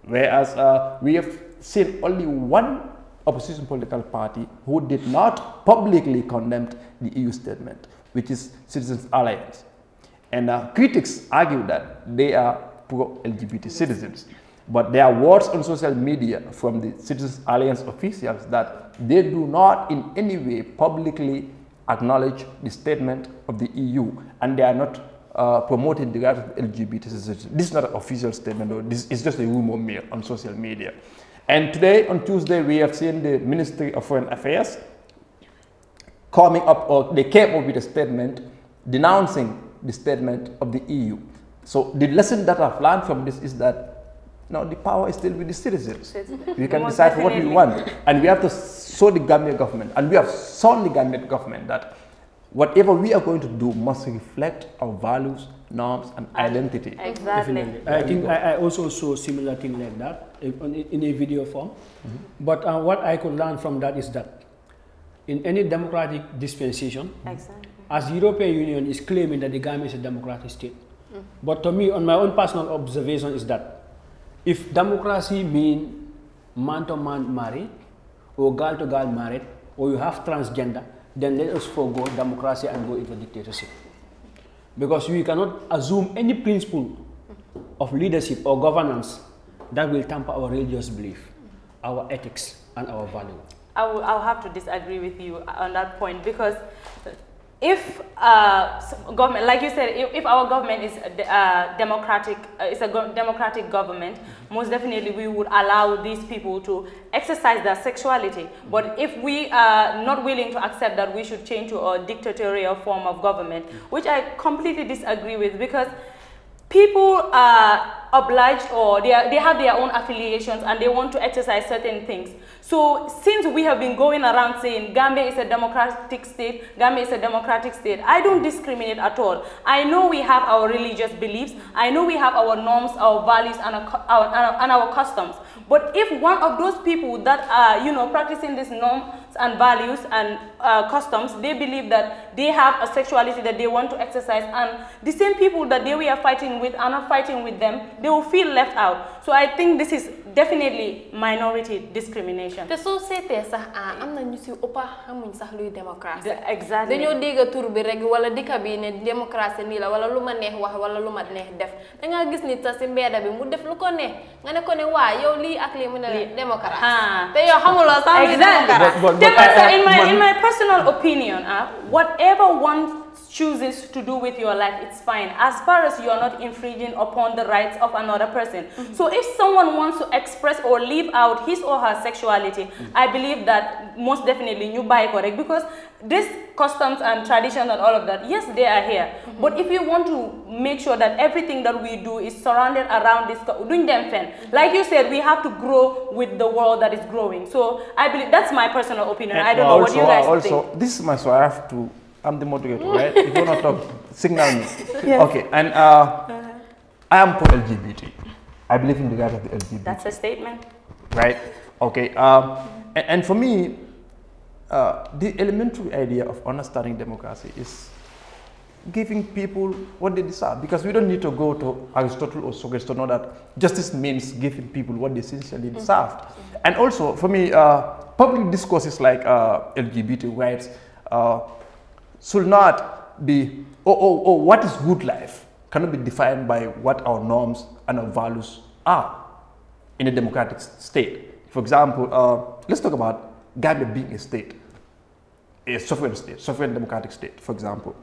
Whereas uh, we have seen only one opposition political party who did not publicly condemn the EU statement, which is Citizens Alliance. And uh, critics argue that they are pro-LGBT citizens. But there are words on social media from the Citizens Alliance officials that they do not in any way publicly acknowledge the statement of the EU and they are not uh, promoting the rights of LGBT citizens. This is not an official statement, though. This is just a rumor mill on social media. And today, on Tuesday, we have seen the Ministry of Foreign Affairs coming up, or they came up with a statement denouncing the statement of the EU. So the lesson that I've learned from this is that now the power is still with the citizens. we can decide definitely. what we want. And we have to show the Gambian government, and we have shown the Gambian government that whatever we are going to do must reflect our values, norms, and identity. Exactly. Definitely. I think I, I, also saw similar thing like that eh, in a video form. Mm -hmm. But uh, what I could learn from that is that in any democratic dispensation, exactly as European Union is claiming that the Gambia is a democratic state. Mm. But to me, on my own personal observation is that if democracy means man-to-man married or girl-to-girl married or you have transgender, then let us forego democracy and go into dictatorship. Because we cannot assume any principle of leadership or governance that will tamper our religious belief, our ethics, and our value. I will, I'll have to disagree with you on that point because if uh, government, like you said, if, if our government is uh, uh democratic, uh, it's a go democratic government, most definitely we would allow these people to exercise their sexuality. But if we are not willing to accept that, we should change to a dictatorial form of government, which I completely disagree with because people are obliged or they, are, they have their own affiliations and they want to exercise certain things. So since we have been going around saying Gambia is a democratic state, Gambia is a democratic state, I don't discriminate at all. I know we have our religious beliefs, I know we have our norms, our values and our, our and our customs. But if one of those people that are, you know, practicing this norm, and values and uh, customs, they believe that they have a sexuality that they want to exercise and the same people that they were fighting with are not fighting with them, they will feel left out. So I think this is definitely minority discrimination. The society sax ah am na ñu ci ëpp exactly dañoo dégg tur bi rek wala dëkk bi ne démocratie nii la wala lu ma neex wax wala lu ma ne ko ne waa yow lii ak lii mu ne la démocratie. Ah. te yow xamuloo in my, in my personal opinion, uh, whatever one chooses to do with your life, it's fine. As far as you are not infringing upon the rights of another person. Mm -hmm. So if someone wants to express or live out his or her sexuality, mm -hmm. I believe that most definitely you buy correct because these customs and traditions and all of that, yes, they are here. Mm -hmm. But if you want to make sure that everything that we do is surrounded around this, doing them fan. Mm-hmm. Like you said, we have to grow with the world that is growing. So I believe that's my personal opinion. And I don't also, know what you guys also, think. This is my so I have to I'm the moderator, right? if you want to talk, signal me. Yes. Okay, and uh, uh -huh. I am for LGBT. I believe in the right of the LGBT. That's a statement. Right? Okay. Um, and, and, for me, uh, the elementary idea of understanding democracy is giving people what they deserve because we don't need to go to Aristotle or Socrates to know that justice means giving people what they essentially mm-hmm. deserve. Mm -hmm. And also, for me, uh, public discourses like uh, LGBT rights, uh, should not be, Oh, oh, oh! what is good life cannot be defined by what our norms and our values are in a democratic state. For example, uh, let's talk about Gambia being a state, a sovereign state, sovereign democratic state, for example.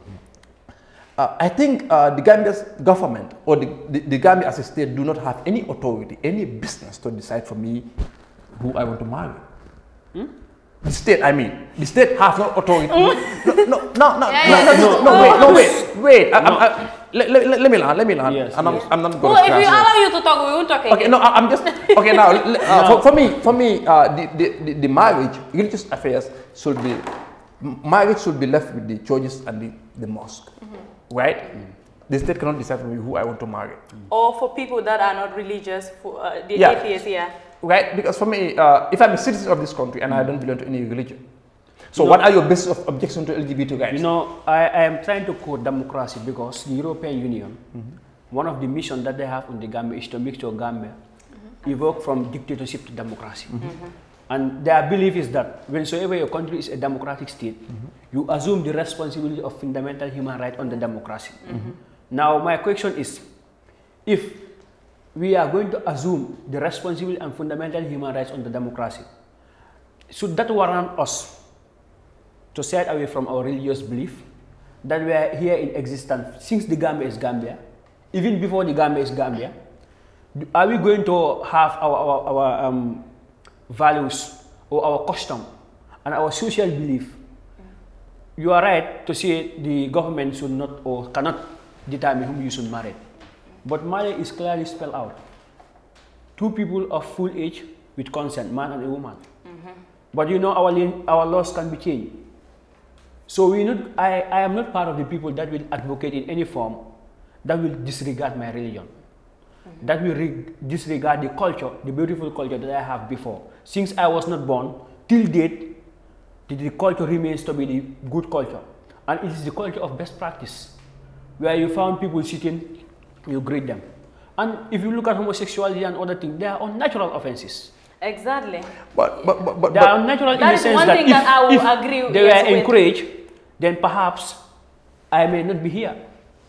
Uh, I think uh, the Gambia's government or the, the, the, Gambia as a state do not have any authority, any business to decide for me who I want to marry. Hmm? The state, I mean, the state has no authority. no, no, no, no, yeah, yeah. no, no, no, wait, no, wait, wait. no. I, I, let, let, let, let me learn, let me learn. Yes, I'm, yes. I'm, not going well, to Well, if we allow you to talk, we won't talk again. Okay, no, I, I'm just, okay, now, uh, no. for, for me, for me, uh, the, the, the, the marriage, religious affairs should be, marriage should be left with the churches and the, the mosque, mm -hmm. right? Mm the state cannot decide for me who I want to marry. Or for people that are not religious, for, uh, the yeah. atheists, yeah right? Because for me, uh, if I'm a citizen of this country and I don't belong to any religion, so what are your basis of objection to LGBT rights? You know, I, I am trying to quote democracy because the European Union, mm -hmm. one of the missions that they have in the Gambia is to make sure Gambia mm -hmm. evolve from dictatorship to democracy. Mm -hmm. And their belief is that whensoever your country is a democratic state, mm-hmm. you assume the responsibility of fundamental human rights on the democracy. Mm-hmm. Now, my question is, if we are going to assume the responsible and fundamental human rights on the democracy. Should that warrant us to side away from our religious belief that we are here in existence since the Gambia is Gambia, even before the Gambia is Gambia? Are we going to have our, our, our um, values or our custom and our social belief? You are right to say the government should not or cannot determine whom you should marry. But marriage is clearly spelled out. Two people of full age with consent, man and a woman. Mm -hmm. But you know, our, our laws can be changed. So we not, I, I am not part of the people that will advocate in any form that will disregard my religion, mm -hmm. that will disregard the culture, the beautiful culture that I have before. Since I was not born, till date, the, the culture remains to be the good culture. And it is the culture of best practice, where you found people sitting you greet them. And if you look at homosexuality and other things, they are unnatural offenses. Exactly. But, but, but, but they are unnatural in the sense that, if, I will if agree they were encouraged, then perhaps I may not be here.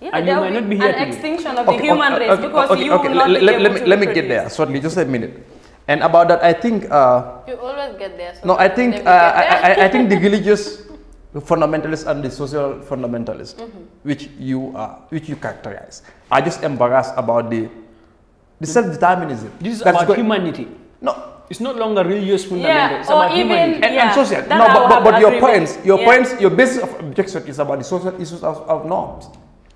Yeah, and you may not be here an extinction of okay, the human okay, race okay, because okay, you okay, will not let, be able let me, to Let me get there, shortly. just a minute. And about that, I think... Uh, you always get there. So no, I think, uh, I, I, I think the religious fundamentalists and the social fundamentalists, mm -hmm. which you are, which you characterize are just embarrassed about the the self-determinism. This is about going, humanity. No. It's not longer religious fundamental. Yeah, it's about even, humanity. And, yeah, and social. No, but, but, but your points, your yeah. points, your basis of objection is about the social issues of, of norms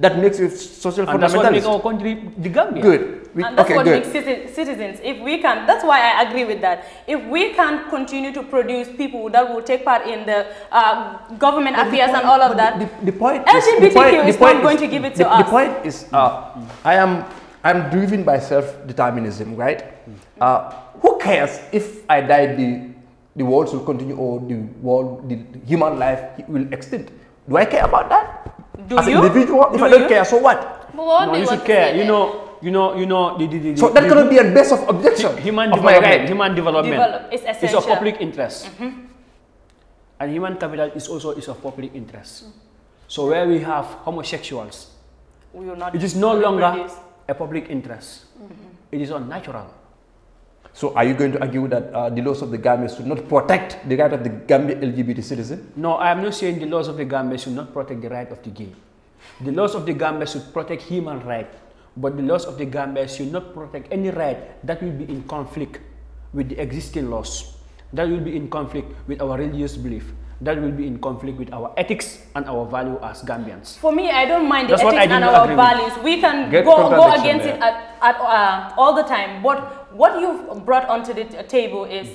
that makes it social and That's what makes our country the Gambia. Good. We, and that's okay, what good. makes citizens. If we can, that's why I agree with that. If we can continue to produce people that will take part in the uh, government but affairs the point, and all of that, the, the, point LGBTQ is, the point, is the point not going to give it to the, us. The point is, uh, I am I'm driven by self-determinism, right? Uh, who cares if I die? The the world will continue, or the world, the human life will extinct. Do I care about that? Do As you? an individual, if do I don't you? care, so what? what no, you should care. You know, you know, you know. The, the, the, so that cannot be a base of objection. Human of development. Human development. Develop essential. It's of public interest. Mm -hmm. And human capital is also is of public interest. Mm. So where we have homosexuals, it is no longer a public interest. Mm -hmm. It is unnatural. So are you going to argue that uh, the laws of the Gambia should not protect the right of the Gambian LGBT citizen? No, I am not saying the laws of the Gambia should not protect the right of the gay. The laws of the Gambia should protect human rights, but the laws of the Gambia should not protect any right that will be in conflict with the existing laws, that will be in conflict with our religious belief, that will be in conflict with our ethics and our value as Gambians. For me, I don't mind the That's ethics and our values. With. We can Get go, go against it at, at uh, all the time. But what you've brought onto the uh, table is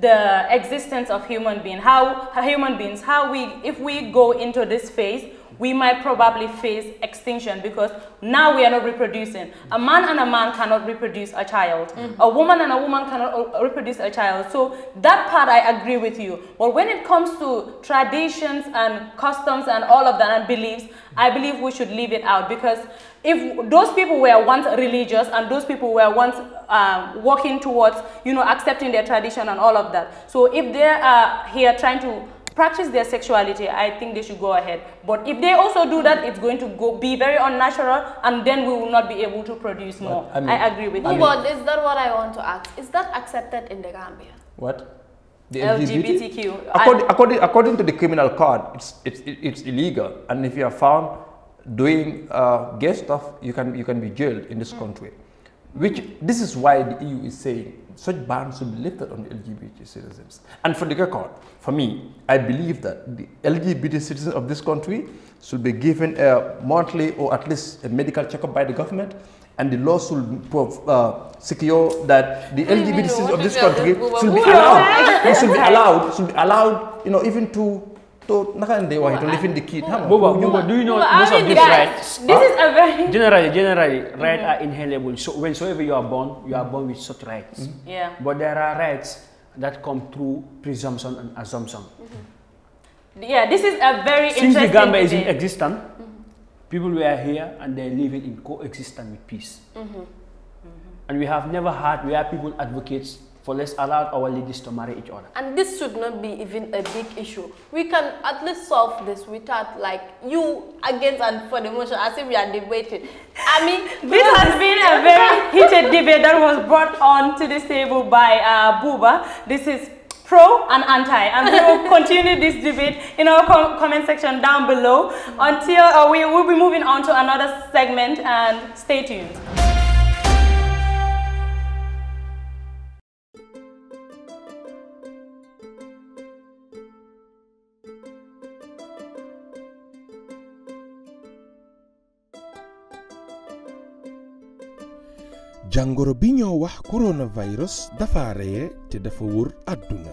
the existence of human being how human beings how we if we go into this phase we might probably face extinction because now we are not reproducing. A man and a man cannot reproduce a child. Mm -hmm. A woman and a woman cannot uh, reproduce a child. So that part I agree with you. But when it comes to traditions and customs and all of that and beliefs, I believe we should leave it out because if those people were once religious and those people were once uh, working towards, you know, accepting their tradition and all of that. So if they are here trying to practice their sexuality, I think they should go ahead. But if they also do that, it's going to go be very unnatural and then we will not be able to produce more. I, mean, I, agree with I you. But is that what I want to ask? Is that accepted in the Gambia? What? The LGBTQ. According, according, according to the criminal code, it's, it's, it's illegal. And if you are found doing uh, gay stuff, you can, you can be jailed in this mm. country. Which this is why the EU is saying such bans should be lifted on LGBT citizens. And for the record, for me, I believe that the LGBT citizens of this country should be given a monthly or at least a medical checkup by the government. And the law should uh, secure that the LGBT citizens of this country should be allowed. should be allowed. Should be allowed. You know, even to so, naka hindi why to live in the kid. do you know most of these rights? This is a very generally, generally, rights are inalienable. So whensoever you are born, you are born with such rights. Mm-hmm. Yeah. But there are rights that come through presumption and assumption. Mm-hmm. Yeah, this is a very Since interesting. Since Uganda is in existence, mm-hmm. people were here and they're living in coexistence with peace. And we have never had where people advocates for let's allow our ladies to marry each other. And this should not be even a big issue. We can at least solve this without like you against and for the motion as if we are debating. I mean, this has been a very heated debate that was brought on to this table by uh, Buba. This is pro and anti and we will continue this debate in our com comment section down below until uh, we will be moving on to another segment and stay tuned. jàngoro bi ñoo wax coronavirus dafa reye te dafa wër àdduna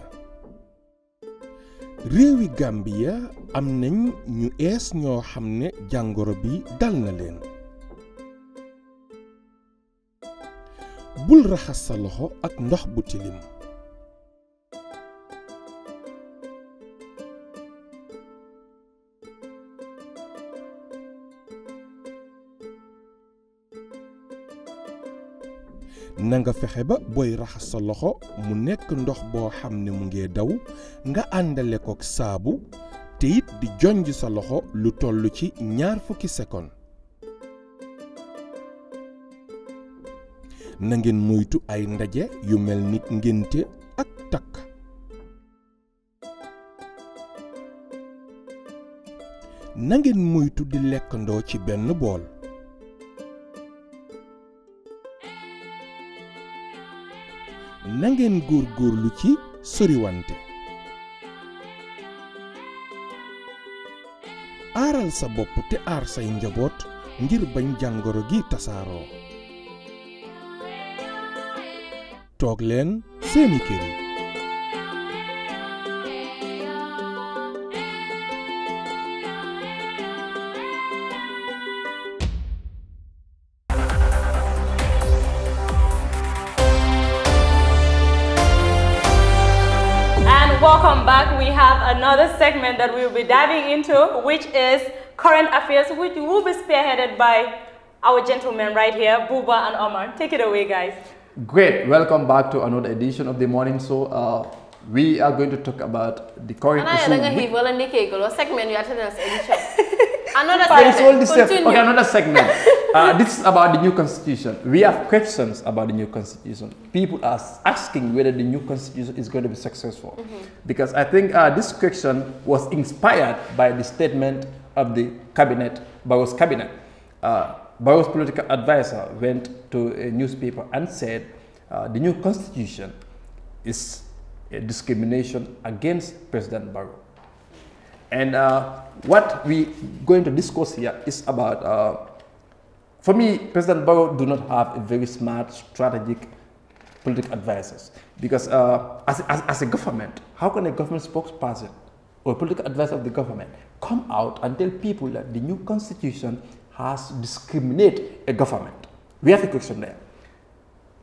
réewi Gambia am nañ ñu ees ñoo xam ne jàngoro bi dal na leen bul raxas sa loxo ak ndox bu tilim nanga fexe ba booy raxas sa loxo mu nekk ndox boo xam ne mu ngee daw nga àndale ko saabu te it di jonj sa loxo lu toll ci ñaar fukki sekon na ngeen ay ndaje yu mel ni ngénte ak takk na ngeen moytu di lekkandoo ci benn bool na góor góorgóorlu ci soriwante aaral sa bopp te aar say njaboot ngir bañ jàngoro gi tasaaroo toog leen seeni kër segment that we'll be diving into, which is current affairs, which will be spearheaded by our gentlemen right here, Buba and Omar. Take it away, guys. Great. Welcome back to another edition of the morning show. Uh, we are going to talk about the current issue. another segment. Another segment. Continue. Okay, another segment. Uh, this is about the new constitution. We have questions about the new constitution. People are asking whether the new constitution is going to be successful. Mm -hmm. Because I think uh, this question was inspired by the statement of the cabinet, Barrow's cabinet. Uh, Barrow's political advisor went to a newspaper and said uh, the new constitution is a discrimination against President Barrow. And uh, what we're going to discuss here is about uh, for me, President Barrow do not have a very smart strategic political advisors because uh, as, as, as, a government, how can a government spokesperson or political advisor of the government come out and tell people that the new constitution has discriminate a government? We have a question there.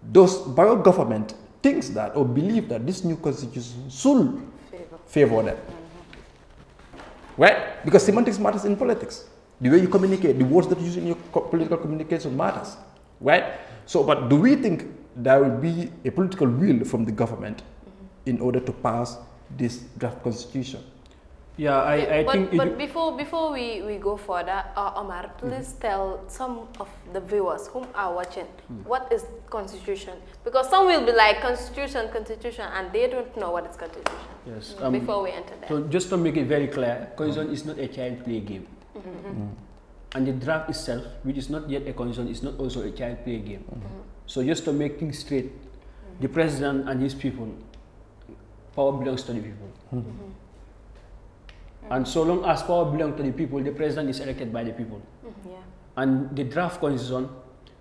Does Barrow government thinks that or believe that this new constitution should favor, favor them. Mm -hmm. Right? Because semantics matters in politics. The way you communicate, the words that you use in your political communication matters, right? So, but do we think there will be a political will from the government in order to pass this draft constitution? Yeah, I, I but, think. But before before we, we go further, uh, Omar, mm-hmm. please mm -hmm. tell some of the viewers whom are watching mm what is constitution because some will be like constitution, constitution, and they don't know what is constitution. Yes. Mm, um, before we enter that. So just to make it very clear, constitution mm is not a child play game. Mm-hmm. And the draft itself, which is not yet a condition, is not also a child play game. Mm-hmm. So just to make things straight, the president and his people, power belongs to the people. Mm-hmm. And so long as power belongs to the people, the president is elected by the people. Yeah. And the draft constitution,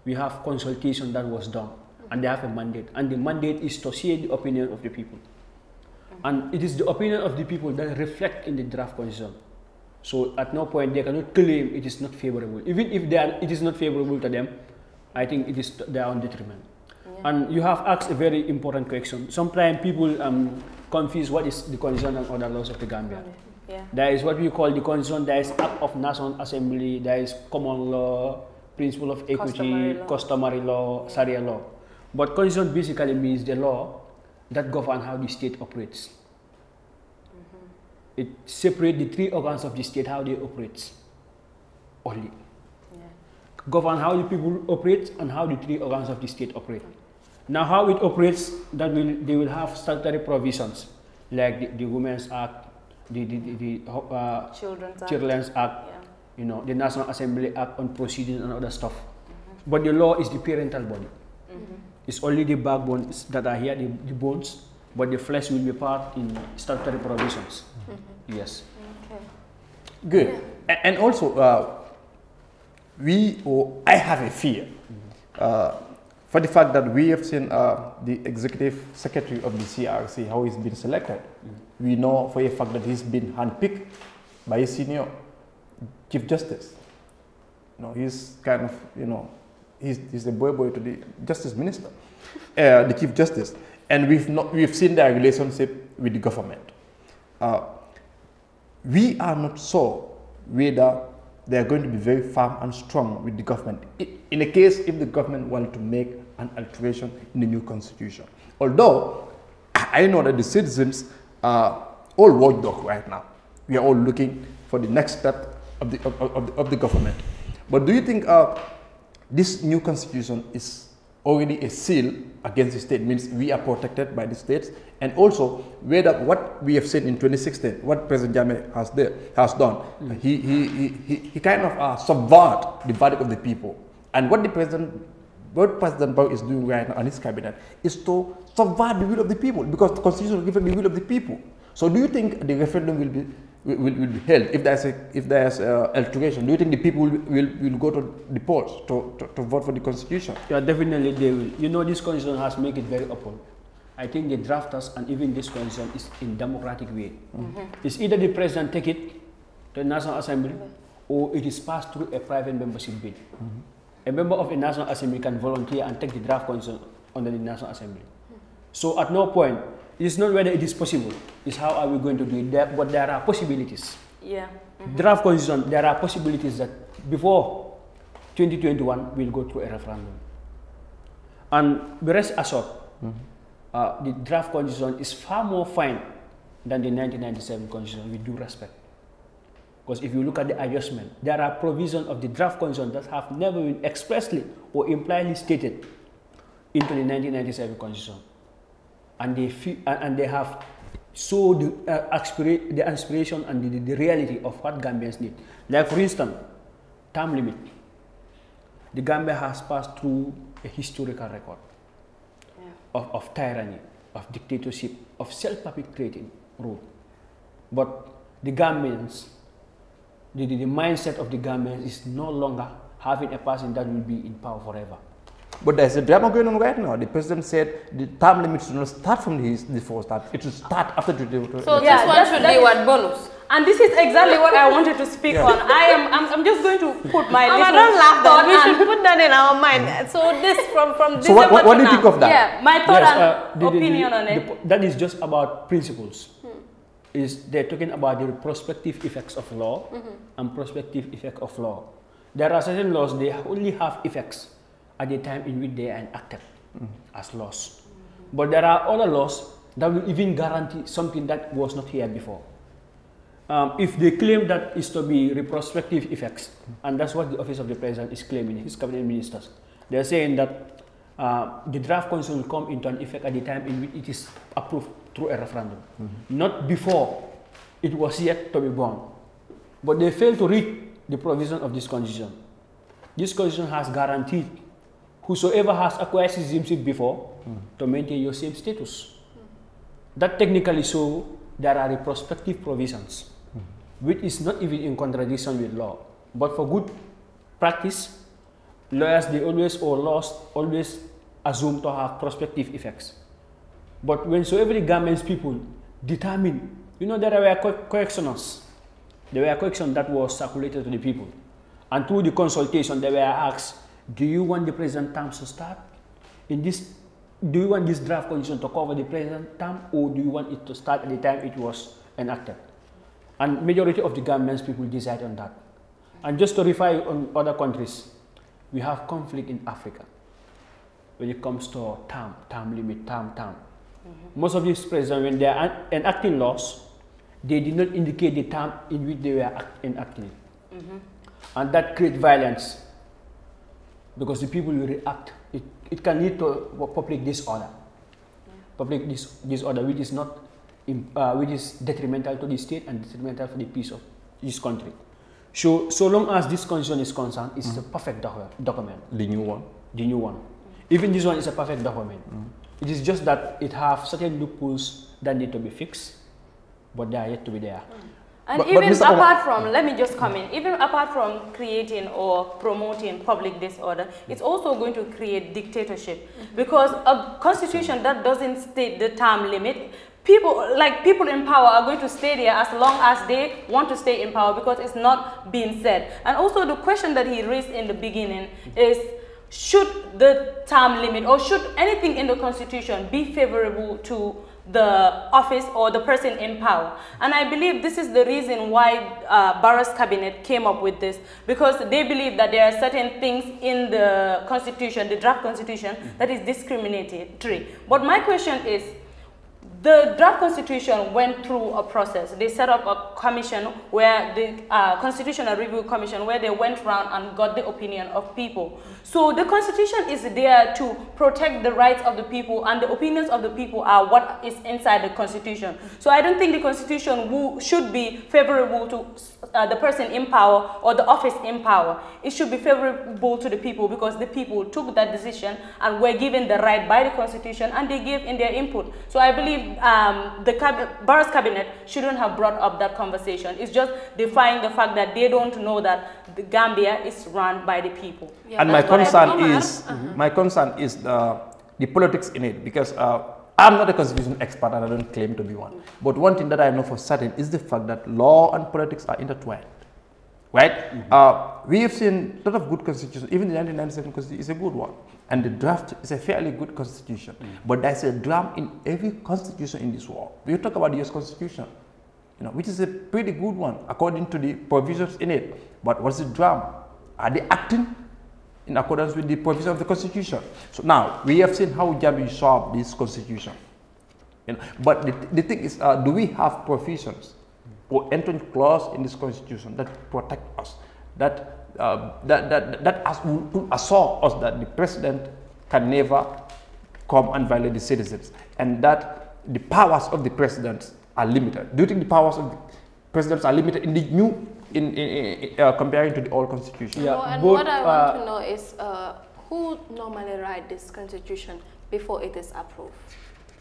we have consultation that was done, and they have a mandate. And the mandate is to share the opinion of the people. And it is the opinion of the people that reflect in the draft constitution. So at no point they cannot claim it is not favorable. Even if they are, it is not favorable to them, I think it is their own detriment. Yeah. And you have asked a very important question. Sometimes people um, confuse what is the constitution and other laws of the Gambia. Yeah. There is what we call the constitution, there is Act of National Assembly, there is common law, principle of equity, customary law, customary law Sharia law. But constitution basically means the law that govern how the state operates it separates the three organs of the state, how they operate only. Yeah. Govern how the people operate and how the three organs of the state operate. Now how it operates, that will, they will have statutory provisions like the, the Women's Act, the, the, the, the uh, Children's, Children's, Act, Act yeah. you know, the National Assembly Act on proceedings and other stuff. Mm -hmm. But the law is the parental body. Mm -hmm. It's only the backbones that are here, the, the bones, but the flesh will be part in statutory provisions. Mm-hmm. Yes. Okay. Good. Yeah. And also, uh, we or I have a fear mm-hmm. uh, for the fact that we have seen uh, the executive secretary of the CRC how he's been selected. Mm-hmm. We know for a fact that he's been handpicked by a senior chief justice. You know, he's kind of you know he's, he's a boy boy to the justice minister, uh, the chief justice and we've, not, we've seen their relationship with the government. Uh, we are not sure whether they are going to be very firm and strong with the government in the case if the government wanted to make an alteration in the new constitution. Although I know that the citizens are all watchdog right now. We are all looking for the next step of the, of, of, of the, government. But do you think uh, this new constitution is already a seal against the state means we are protected by the states and also weighed up what we have seen in 2016 what president Jammeh has there, has done mm. he, he, he he kind of uh, subvert the verdict of the people and what the president what president Barrow is doing right now in his cabinet is to subvert the will of the people because the constitution given the will of the people so do you think the referendum will be will, will, be held. If there's a if there's a alteration, do you think the people will, will, will go to the polls to, to, to, vote for the constitution? Yeah, definitely they will. You know, this constitution has made it very open. I think the drafters and even this constitution is in democratic way. Mm -hmm. It's either the president take it to the National Assembly, mm-hmm. or it is passed through a private membership bill. Mm -hmm. A member of the National Assembly can volunteer and take the draft constitution under the National Assembly. So at no point it's not whether it is possible. It's how are we going to do it. There, but there are possibilities. Yeah. Mm -hmm. Draft constitution. There are possibilities that before 2021 we'll go through a referendum. And the rest assured, mm -hmm. uh, the draft constitution is far more fine than the 1997 constitution. We do respect. Because if you look at the adjustment, there are provisions of the draft constitution that have never been expressly or impliedly stated into the 1997 constitution and they feel and they have so the, uh, the aspiration and the, the, reality of what Gambians need. Like for instance, time limit. The Gambia has passed through a historical record yeah. of, of tyranny, of dictatorship, of self-perpetuating rule. But the Gambians, the, the, the mindset of the Gambians is no longer having a person that will be in power forever. But there's a drama going on right now, the president said the time limit should not start from his, the first time. It should start after the So, so this one should be what bonus. And this is exactly what I wanted to speak yeah. on. I am, I'm, I'm, just going to put my little I don't laugh thought we should put that in our mind. So this from, from this So what, what, what do you think of that? Yeah, my thought yes, uh, and uh, the, opinion the, the, on it. that is just about principles. Hmm. Is they're talking about the prospective effects of law mm -hmm. and prospective effect of law. There are certain laws, they only have effects at the time in which they are enacted mm. as laws. But there are other laws that will even guarantee something that was not here before. Um, if they claim that is to be retrospective effects, and that's what the office of the president is claiming, his cabinet ministers, they're saying that uh, the draft constitution will come into an effect at the time in which it is approved through a referendum, mm -hmm. not before it was yet to be born. But they fail to read the provision of this constitution. This constitution has guaranteed whosoever has acquired citizenship before mm. to maintain your same status. Mm. That technically so, there are prospective provisions, mm. which is not even in contradiction with law. But for good practice, lawyers, they always, or laws, always assume to have prospective effects. But when so every government's people determine, you know, there were co correctioners. There were corrections that was circulated to the people. And through the consultation, they were asked, do you want the present term to start? In this, do you want this draft condition to cover the present term or do you want it to start at the time it was enacted? And majority of the governments people decide on that. And just to refer on other countries, we have conflict in Africa when it comes to term, term limit, term, term. Mm -hmm. Most of these presidents, when they are enacting laws, they did not indicate the term in which they were enacting. Mm -hmm. And that creates violence because the people will react. It, it can lead to public disorder, yeah. public dis disorder which is not, uh, which is detrimental to the state and detrimental for the peace of this country. So so long as this constitution is concerned, it's mm. a perfect doc document. The new one. The new one. Mm. Even this one is a perfect document. Mm. It is just that it have certain loopholes that need to be fixed, but they are yet to be there. Mm. And but, even but apart from, let me just come in, even apart from creating or promoting public disorder, it's also going to create dictatorship. Mm-hmm. Because a constitution that doesn't state the term limit, people, like people in power are going to stay there as long as they want to stay in power because it's not being said. And also the question that he raised in the beginning is, should the term limit or should anything in the constitution be favorable to the office or the person in power. And I believe this is the reason why uh, Barra's cabinet came up with this, because they believe that there are certain things in the constitution, the draft constitution, that is discriminatory. But my question is, the draft constitution went through a process. They set up a commission where the uh, constitutional review commission where they went around and got the opinion of people. So the constitution is there to protect the rights of the people and the opinions of the people are what is inside the constitution. So I don't think the constitution should be favorable to uh, the person in power or the office in power. It should be favorable to the people because the people took that decision and were given the right by the constitution and they gave in their input. So I believe um, the cab cabinet shouldn't have brought up that conversation. It's just defying the fact that they don't know that the Gambia is run by the people. Yeah, and my concern is uh -huh. my concern is the the politics in it because. Uh, I'm not a constitution expert and I don't claim to be one. But one thing that I know for certain is the fact that law and politics are intertwined. Right? Mm -hmm. uh, we have seen a lot of good constitutions. Even the 1997 constitution is a good one. And the draft is a fairly good constitution. Mm. But there's a draft in every constitution in this world. We talk about the US constitution, you know, which is a pretty good one according to the provisions in it. But what's the draft? Are they acting in accordance with the provisions of the constitution? So now, we have seen how Jambi solved this constitution. You know, but the, the thing is, uh, do we have provisions or entrance clause in this constitution that protect us, that uh, that, that, that as, will assure us that the president can never come and violate the citizens and that the powers of the president are limited. Do you think the powers of the presidents are limited in the new, in, in, in uh, comparing to the old constitution? Yeah, well, and what I want uh, to know is uh, who normally write this constitution before it is approved?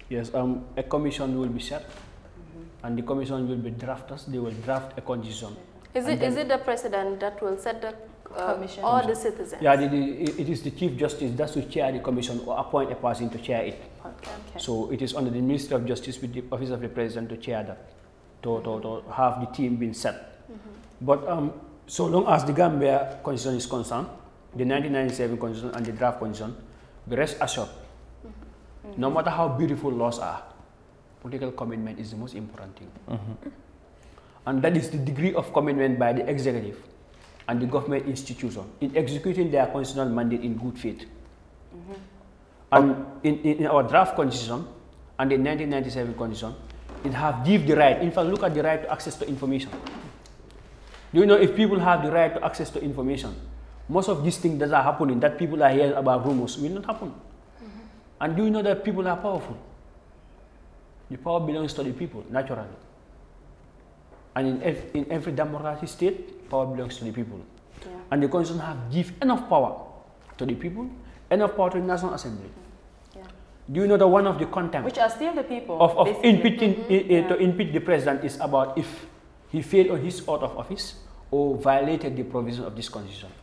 Yes, um, a commission will be set mm -hmm. and the commission will be drafters. They will draft a constitution. Okay is it, is it the president that will set the uh, commission or the citizens? Yeah, it is the chief justice that will chair the commission or appoint a person to chair it. Okay. okay. So it is under the Ministry of Justice with the Office of the President to chair that, to, to, to have the team being set. Mm -hmm. But um, so long as the Gambia constitution is concerned, the 1997 constitution and the draft constitution, the rest assured. Mm -hmm. No mm-hmm. matter how beautiful laws are, political commitment is the most important thing. Mm -hmm and that is the degree of commitment by the executive and the government institution in executing their constitutional mandate in good faith. Mm -hmm. And in, in, our draft constitution and the 1997 constitution, it have give the right, in fact, look at the right to access to information. Do you know if people have the right to access to information, most of these things that are happening, that people are hearing about rumors, will not happen. Mm -hmm. And do you know that people are powerful? The power belongs to the people, naturally. And in, ev in every democratic state, power belongs to the people. Yeah. And the constitution have give enough power to the people, enough power to the National Assembly. Yeah. Do you know that one of the content which are still the people of, of impeaching mm -hmm. yeah. to impeach the president is about if he failed on his oath of office or violated the provision of this constitution.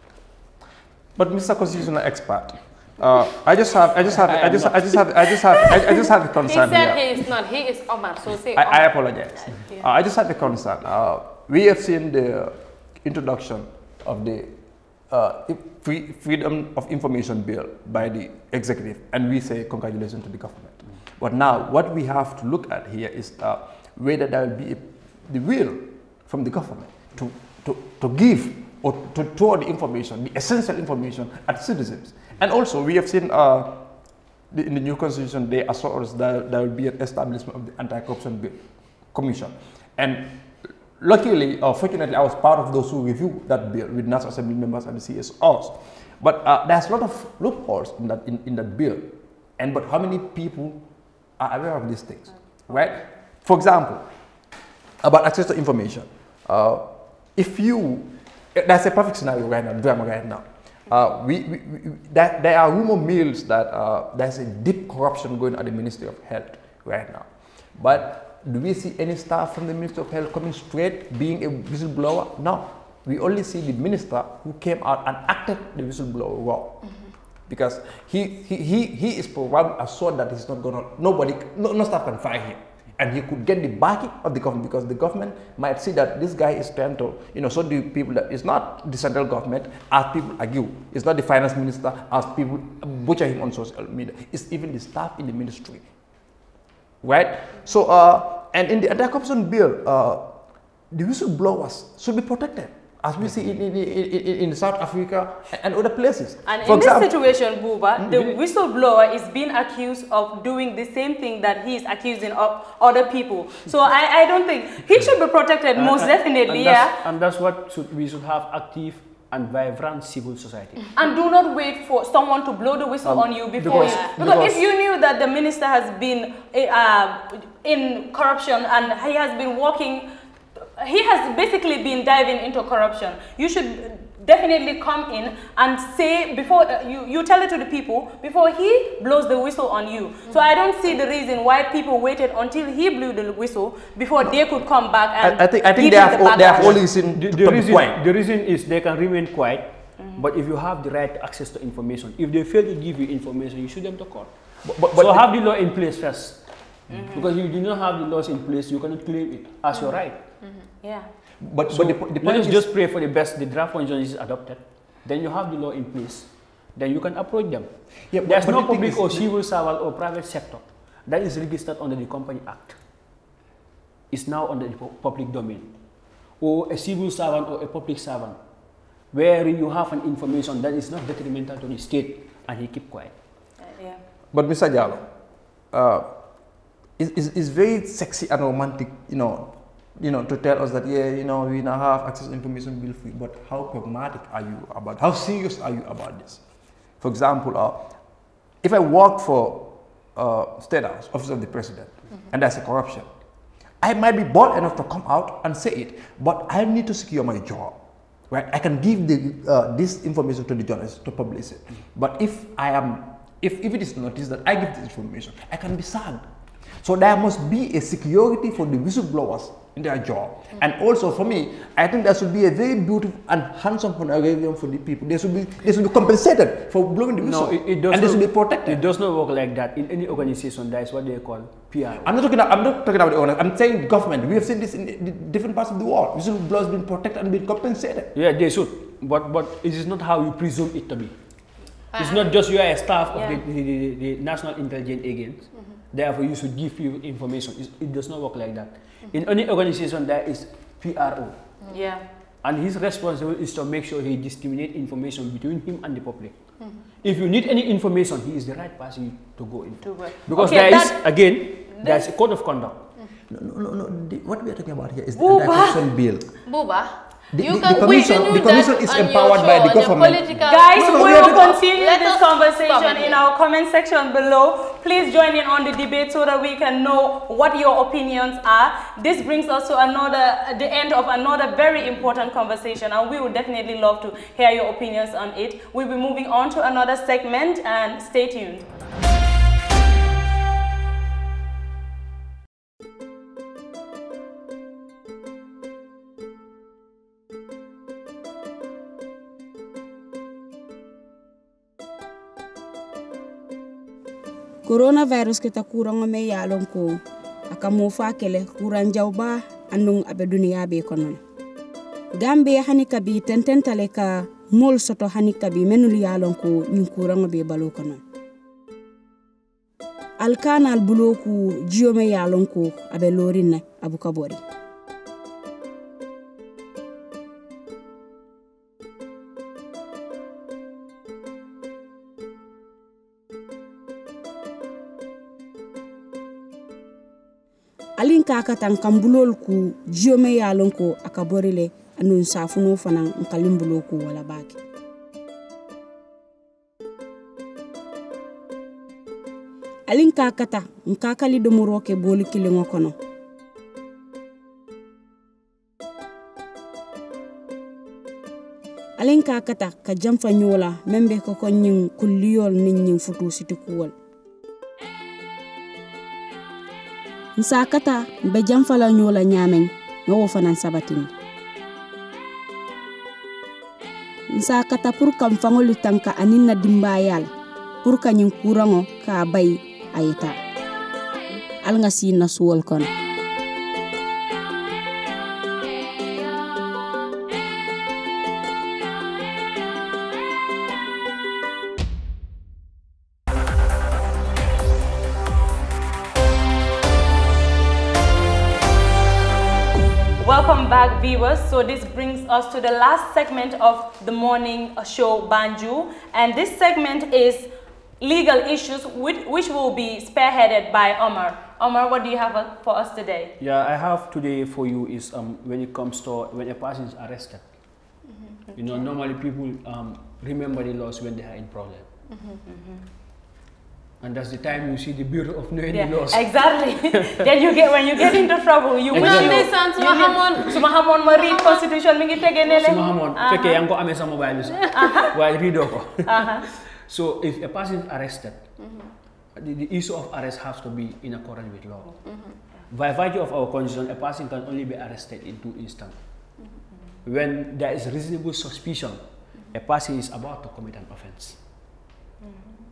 But Mr. Constitutional Expert, uh, I just have, I just have, I, I just, I just have, I just have, I, I just have a concern He said here. he is not. He is Omar. So say. Omar. I, I apologize. Yeah. Uh, I just have a concern. Uh, we have seen the introduction of the uh, free freedom of information bill by the executive, and we say congratulations to the government. Mm But now, what we have to look at here is uh, whether there will be a, the will from the government to to to give or to, throw the information, the essential information, at citizens. And also, we have seen uh, the, in the new constitution, they assure us that there will be an establishment of the anti-corruption commission. And luckily, uh, fortunately, I was part of those who reviewed that bill with National Assembly members and the CSOs. But uh, there's a lot of loopholes in that in, in that bill. And but how many people are aware of these things, right? For example, about access to information. Uh, if you, eh, there's a perfect scenario right now, drama right now. Uh, we, we, we, that there are rumor mills that uh, there's a deep corruption going on at the Ministry of Health right now. But do we see any staff from the Ministry of Health coming straight being a whistleblower? No. We only see the minister who came out and acted the whistleblower role. Mm -hmm. Because he, he, he, he is probably a sword that is not gonna, nobody, no, no staff can fire him and you could get the backing of the government because the government might see that this guy is trying to, you know, so the people, that, it's not the central government as people argue, it's not the finance minister as people butcher him on social media, it's even the staff in the ministry, right? So, uh, and in the anti-corruption bill, uh, the whistleblowers should be protected as we see in, in, in, in, South Africa and other places. And For in example, this situation, Buba, mm-hmm. the whistleblower is being accused of doing the same thing that he is accusing of other people. So I, I don't think he should be protected most and, definitely. And yeah. And that's what should, we should have active and vibrant civil society. And do not wait for someone to blow the whistle um, on you before because, you. Because, because, if you knew that the minister has been eh, uh, in corruption and he has been working he has basically been diving into corruption. You should definitely come in and say before uh, you, you tell it to the people before he blows the whistle on you. Mm -hmm. So I don't see the reason why people waited until he blew the whistle before they could come back and I, I think I think they have, the they have only seen the, the reason, The reason is they can remain quiet, mm -hmm. but if you have the right access to information, if they fail to give you information, you shoot them to court. But, but, but so have the law in place first. Mm -hmm. Because you do not have the laws in place, you cannot claim it as your mm-hmm. right hmm Yeah. But, so but the, the let just pray for the best. The draft convention is adopted. Then you have the law in place. Then you can approach them. Yeah, but, There's but no the public or civil servant or private sector that is registered under the Company Act. It's now under the public domain. Or a civil servant or a public servant where you have an information that is not detrimental to the state and he keep quiet. Uh, yeah. But Mr. Jallo, uh, it's, it's, very sexy and romantic, you know, you know, to tell us that, yeah, you know, we now have access information bill free, but how pragmatic are you about, how serious are you about this? For example, uh, if I work for uh, State House, Office of the President, mm -hmm. and there's a corruption, I might be bold enough to come out and say it, but I need to secure my job. Right? I can give the, uh, this information to the journalists to publish it. Mm -hmm. But if I am, if, if it is noticed that I give this information, I can be sacked so there must be a security for the whistleblowers in their job. Mm -hmm. And also for me, I think there should be a very beautiful and handsome honorarium for the people. They should be they should be compensated for blowing the whistle. No, it, it does and not, they should be protected. It does not work like that in any organization. That is what they call PR. I'm not talking. About, I'm not talking about the owner. I'm saying government. We have seen this in different parts of the world. Whistleblowers been protected and been compensated. Yeah, they should. But but it is not how you presume it to be. It's ah. not just you are a staff yeah. of the, the, the, the National Intelligence Agency. Mm -hmm therefore you should give people information. It's, it does not work like that. Mm -hmm. In any organization, there is PRO. Yeah. And his responsibility is to make sure he discriminate information between him and the public. Mm -hmm. If you need any information, he is the right person to go into. because okay, there is, again, there is a code of conduct. No, no, no. no. The, what we are talking about here is Booba. the anti-corruption bill. Booba. The, you the, the commission, the commission is empowered by the government. The Guys, no, no, we will continue this conversation in our comment section below. Please join in on the debate so that we can know what your opinions are. This brings us to another, the end of another very important conversation, and we would definitely love to hear your opinions on it. We'll be moving on to another segment, and stay tuned. coronavirus kita kuranga me yalon ko aka mo fa kele kuran jawba anung abe duniya be konon gambe hani kabi tententale ka mol soto hani kabi menul yalon ko nyin kuranga be balo konon alkanal buloku jiyome yalon ko abe lorin na abu kabori ta ka tan kan bulol ku jiyome ye lon ko a ka bori le anin safuno fana n kalin bulo ko wala b'a kɛ alin k'a kata n k'a kali domoro kɛ boli kelen kɔnɔ alin k'a kata ka janfa ɲoo la meŋ be kɔkɔ ñiŋ kulliyol niŋ ñiŋ futu siti nsa kata be janfala ñola ñameñ no wo fanaŋ sabatindi nsa kata pour kam faŋolu tanka aniŋ na dimbayala pour kañin kuraŋo ka a bayi a yita ali ŋa sin na suwol kono viewers, so this brings us to the last segment of the morning show Banju. And this segment is legal issues which, which will be spearheaded by Omar. Omar, what do you have uh, for us today? Yeah, I have today for you is um, when it comes to when a person is arrested. Mm -hmm. You know, normally people um, remember the laws when they are in problem. Mm -hmm. Mm -hmm and that's the time you see the beauty of knowing yeah, the laws. Exactly. then you get when you get into trouble, you will to understand So Mahamun suma read constitution mi ngi tegee ne leen. suma xamoon uh-huh. fekkee yaa ngi sa mobile bi sax. waaye so if a person is arrested, mm -hmm. the, the, issue of arrest has to be in accordance with law. Mm -hmm. By virtue of our constitution, a person can only be arrested in two instances. Mm -hmm. When there is reasonable suspicion, a person is about to commit an offense. Mm-hmm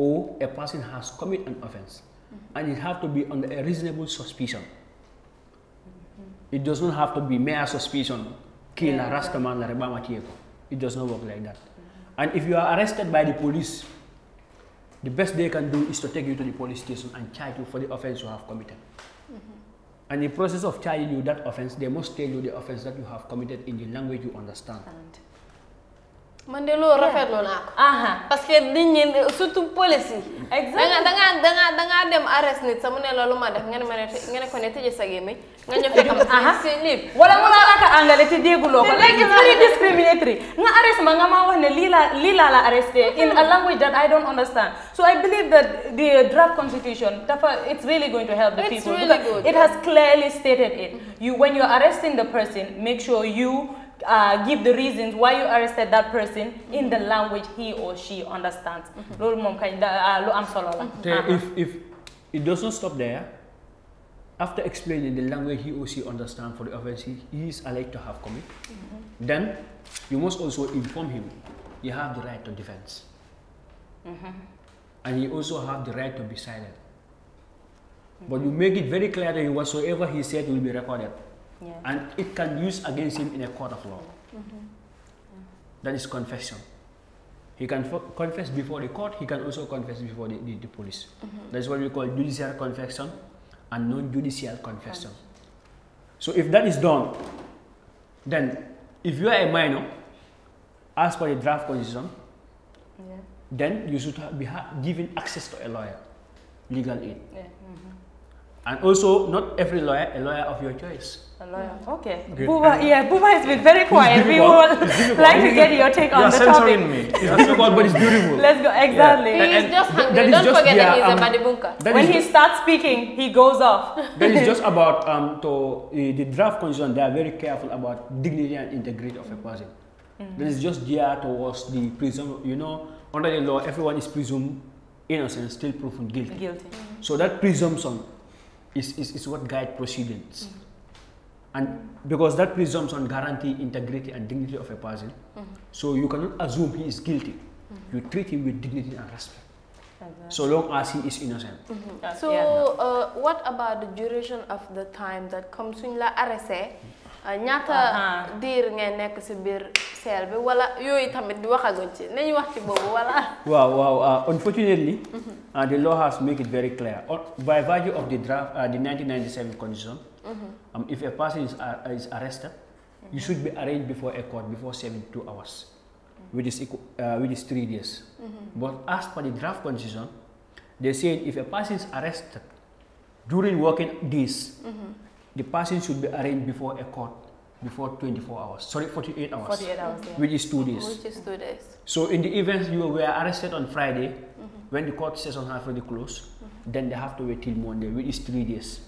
or a person has committed an offense. Mm-hmm. And it has to be under a reasonable suspicion. It does not have to be mere suspicion. Kill It does not work like that. Mm-hmm. And if you are arrested by the police, the best they can do is to take you to the police station and charge you for the offense you have committed. Mm -hmm. And in the process of charging you that offense, they must tell you the offense that you have committed in the language you understand. understand. man de iya. rafet lo naa ko. parce que nit ñi surtout police yi. da nga da nga da nga dem arrest nit sama ne la lu ma def nga ne ma ne nga ko ne tëjee sa gémmiñ nga ñëw fekk aha si nit wala mu la làkk anglais te dégguloo ko léegi very discriminatory nga arrest ma nga ma wax ne li la la arrester in a language that I don't understand so I believe that the draft constitution dafa it's really going to help the people. it's really good it has clearly stated it. you when you are arresting the person make sure you. uh, give the reasons why you arrested that person mm -hmm. in the language he or she understands. Mm-hmm. Uh, uh-huh. If if it does not stop there, after explaining the language he or she understands for the offense he is alleged to have committed, mm -hmm. then you must also inform him you have the right to defense. Mm -hmm. And he also have the right to be silent. Mm -hmm. But mm-hmm. you make it very clear that whatsoever he said will be recorded yeah. and it can use against him in a court of law. Mm -hmm. yeah. That is confession. He can confess before the court, he can also confess before the, the, the police. Mm -hmm. That's what we call judicial confession and non judicial confession. So, if that is done, then if you are a minor, ask for the draft constitution, yeah. then you should be given access to a lawyer, legal aid. Yeah. Mm -hmm. And also, not every lawyer, a lawyer of your choice. Okay. Buba, yeah, Buba has been very quiet. We would like to get your take you on the topic. Me. It's difficult, but it's beautiful. Let's go. Exactly. Yeah. He is just hungry. That Don't just, forget yeah, that he's um, a Madibunka. When he starts speaking, he goes off. that is just about um, to, uh, the draft constitution. They are very careful about dignity and integrity of a person. Mm -hmm. That is just there towards the presumption. You know, under the law, everyone is presumed innocent, still proven guilty. Guilty. Mm -hmm. So that presumption is, is, is what guides proceedings. Mm -hmm and because that presumes on guarantee, integrity, and dignity of a person. Mm -hmm. So you cannot assume he is guilty. Mm -hmm. You treat him with dignity and respect. So long as he is innocent. Mm -hmm. So yeah. uh, what about the duration of the time that comes when la arrêté? nyata uh, dir ngay nekk si biir wala yooyu tamit waxaguñ ci nañu wax ci boobu wala. Wow, waaw uh, unfortunately. Mm-hmm. Uh, the law has made it very clear by virtue of the draft the 1997 constitution. Mm-hmm. Um, if a person is, uh, is arrested, you mm-hmm. should be arraigned before a court before 72 hours, mm-hmm. which, is equal, uh, which is three days. But as per the draft constitution, they said if a person is arrested during working days, the person should be arraigned before a court before 24 hours. Sorry, 48 hours. 48 hours, Which is two days. Which is two days. So in the event you were arrested on Friday, mm -hmm. when the court session has already closed, mm -hmm. then they have to wait till Monday, which is three days.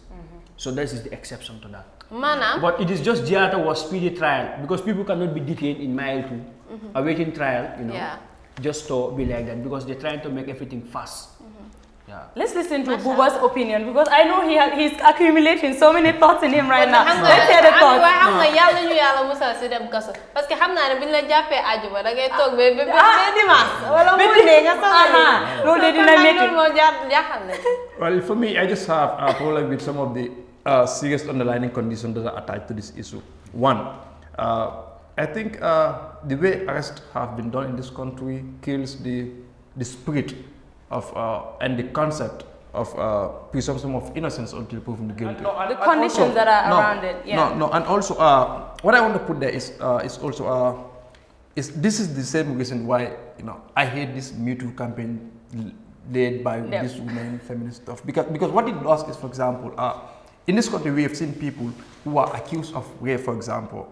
So this is the exception to that. Manam. But it is just Giata was speedy trial because people cannot be detained in mile two, mm -hmm. awaiting trial, you know, yeah. just to be like that because they're trying to make everything fast. Mm -hmm. Yeah. Let's listen to Buba's opinion because I know he has he's accumulating so many thoughts in him right now. Let's hear the thoughts. I'm xam nga yàlla ñu yàlla musal si dem kaso parce que xam naa ne bu ñu la jàppee àjjuma da ngay toog ba ba ba ah, ah, dimanche. wala mu dee nga sonal ah, loolu de dina métti loolu moo jaar jaaxal na. Well, for me, I just have a problem with some of the uh, serious underlying conditions that are attached to this issue. One, uh, I think uh, the way arrests have been done in this country kills the, the spirit of uh, and the concept of uh, presumption of innocence until proven guilty. And, no, and, the conditions also, that are no, around it. Yeah. No, no, and also uh, what I want to put there is uh, is also uh, is this is the same reason why you know I hate this mutual campaign led by yep. this woman feminist stuff because because what it does is for example uh, in this country, we have seen people who are accused of rape, for example.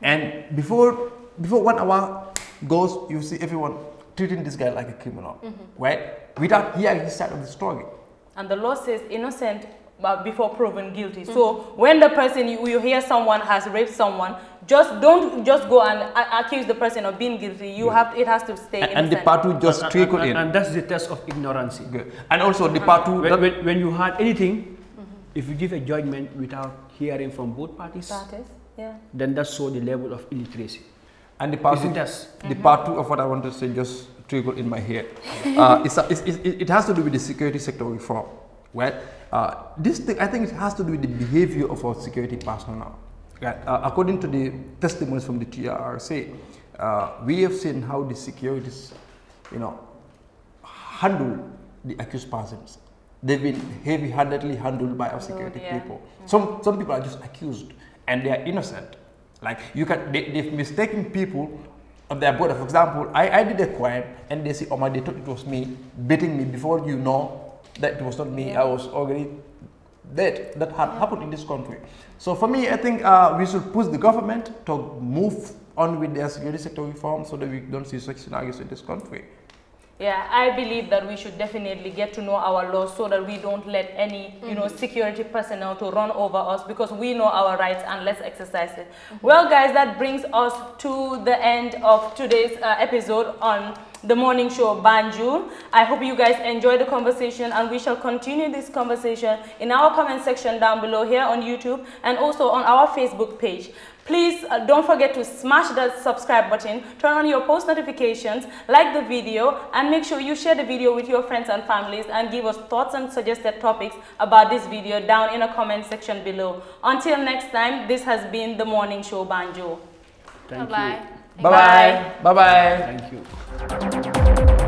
And before, before one hour goes, you see everyone treating this guy like a criminal, mm -hmm. right? Without hearing his side of the story. And the law says innocent before proven guilty. Mm -hmm. So when the person, you, you, hear someone has raped someone, just don't just go and accuse the person of being guilty. You yeah. have, it has to stay And, and the part two just trickle in. And that's the test of ignorance. Good. And also the part two. When, when, when you had anything if you give a judgment without hearing from both parties, yeah. then that shows the level of illiteracy. And the part, Isn't mm -hmm. part two of what I want to say just triggered in my head. Uh, it's, it's, it, it has to do with the security sector reform, right? Uh, this thing, I think it has to do with the behavior of our security personnel. Right? Uh, according to the testimonies from the TRRC, uh, we have seen how the securities, you know, handle the accused persons they've been heavy-handedly handled by our yeah. people. Mm -hmm. Some some people are just accused and they are innocent. Like you can they, they've mistaken people on their border. For example, I, I did a crime and they say, Oh my they thought it was me beating me before you know that it was not me, yeah. I was already dead. That had yeah. happened in this country. So for me I think uh, we should push the government to move on with their security sector reform so that we don't see such scenarios in this country. Yeah, I believe that we should definitely get to know our laws so that we don't let any, mm -hmm. you know, mm-hmm. security personnel to run over us because we know our rights and let's exercise it. Mm -hmm. Well, guys, that brings us to the end of today's uh, episode on the morning show Banjul. I hope you guys enjoy the conversation and we shall continue this conversation in our comment section down below here on YouTube and also on our Facebook page. Please uh, don't forget to smash that subscribe button, turn on your post notifications, like the video, and make sure you share the video with your friends and families and give us thoughts and suggested topics about this video down in the comment section below. Until next time, this has been The Morning Show Banjo. Thank bye -bye. you. Bye-bye. Bye-bye. Thank you.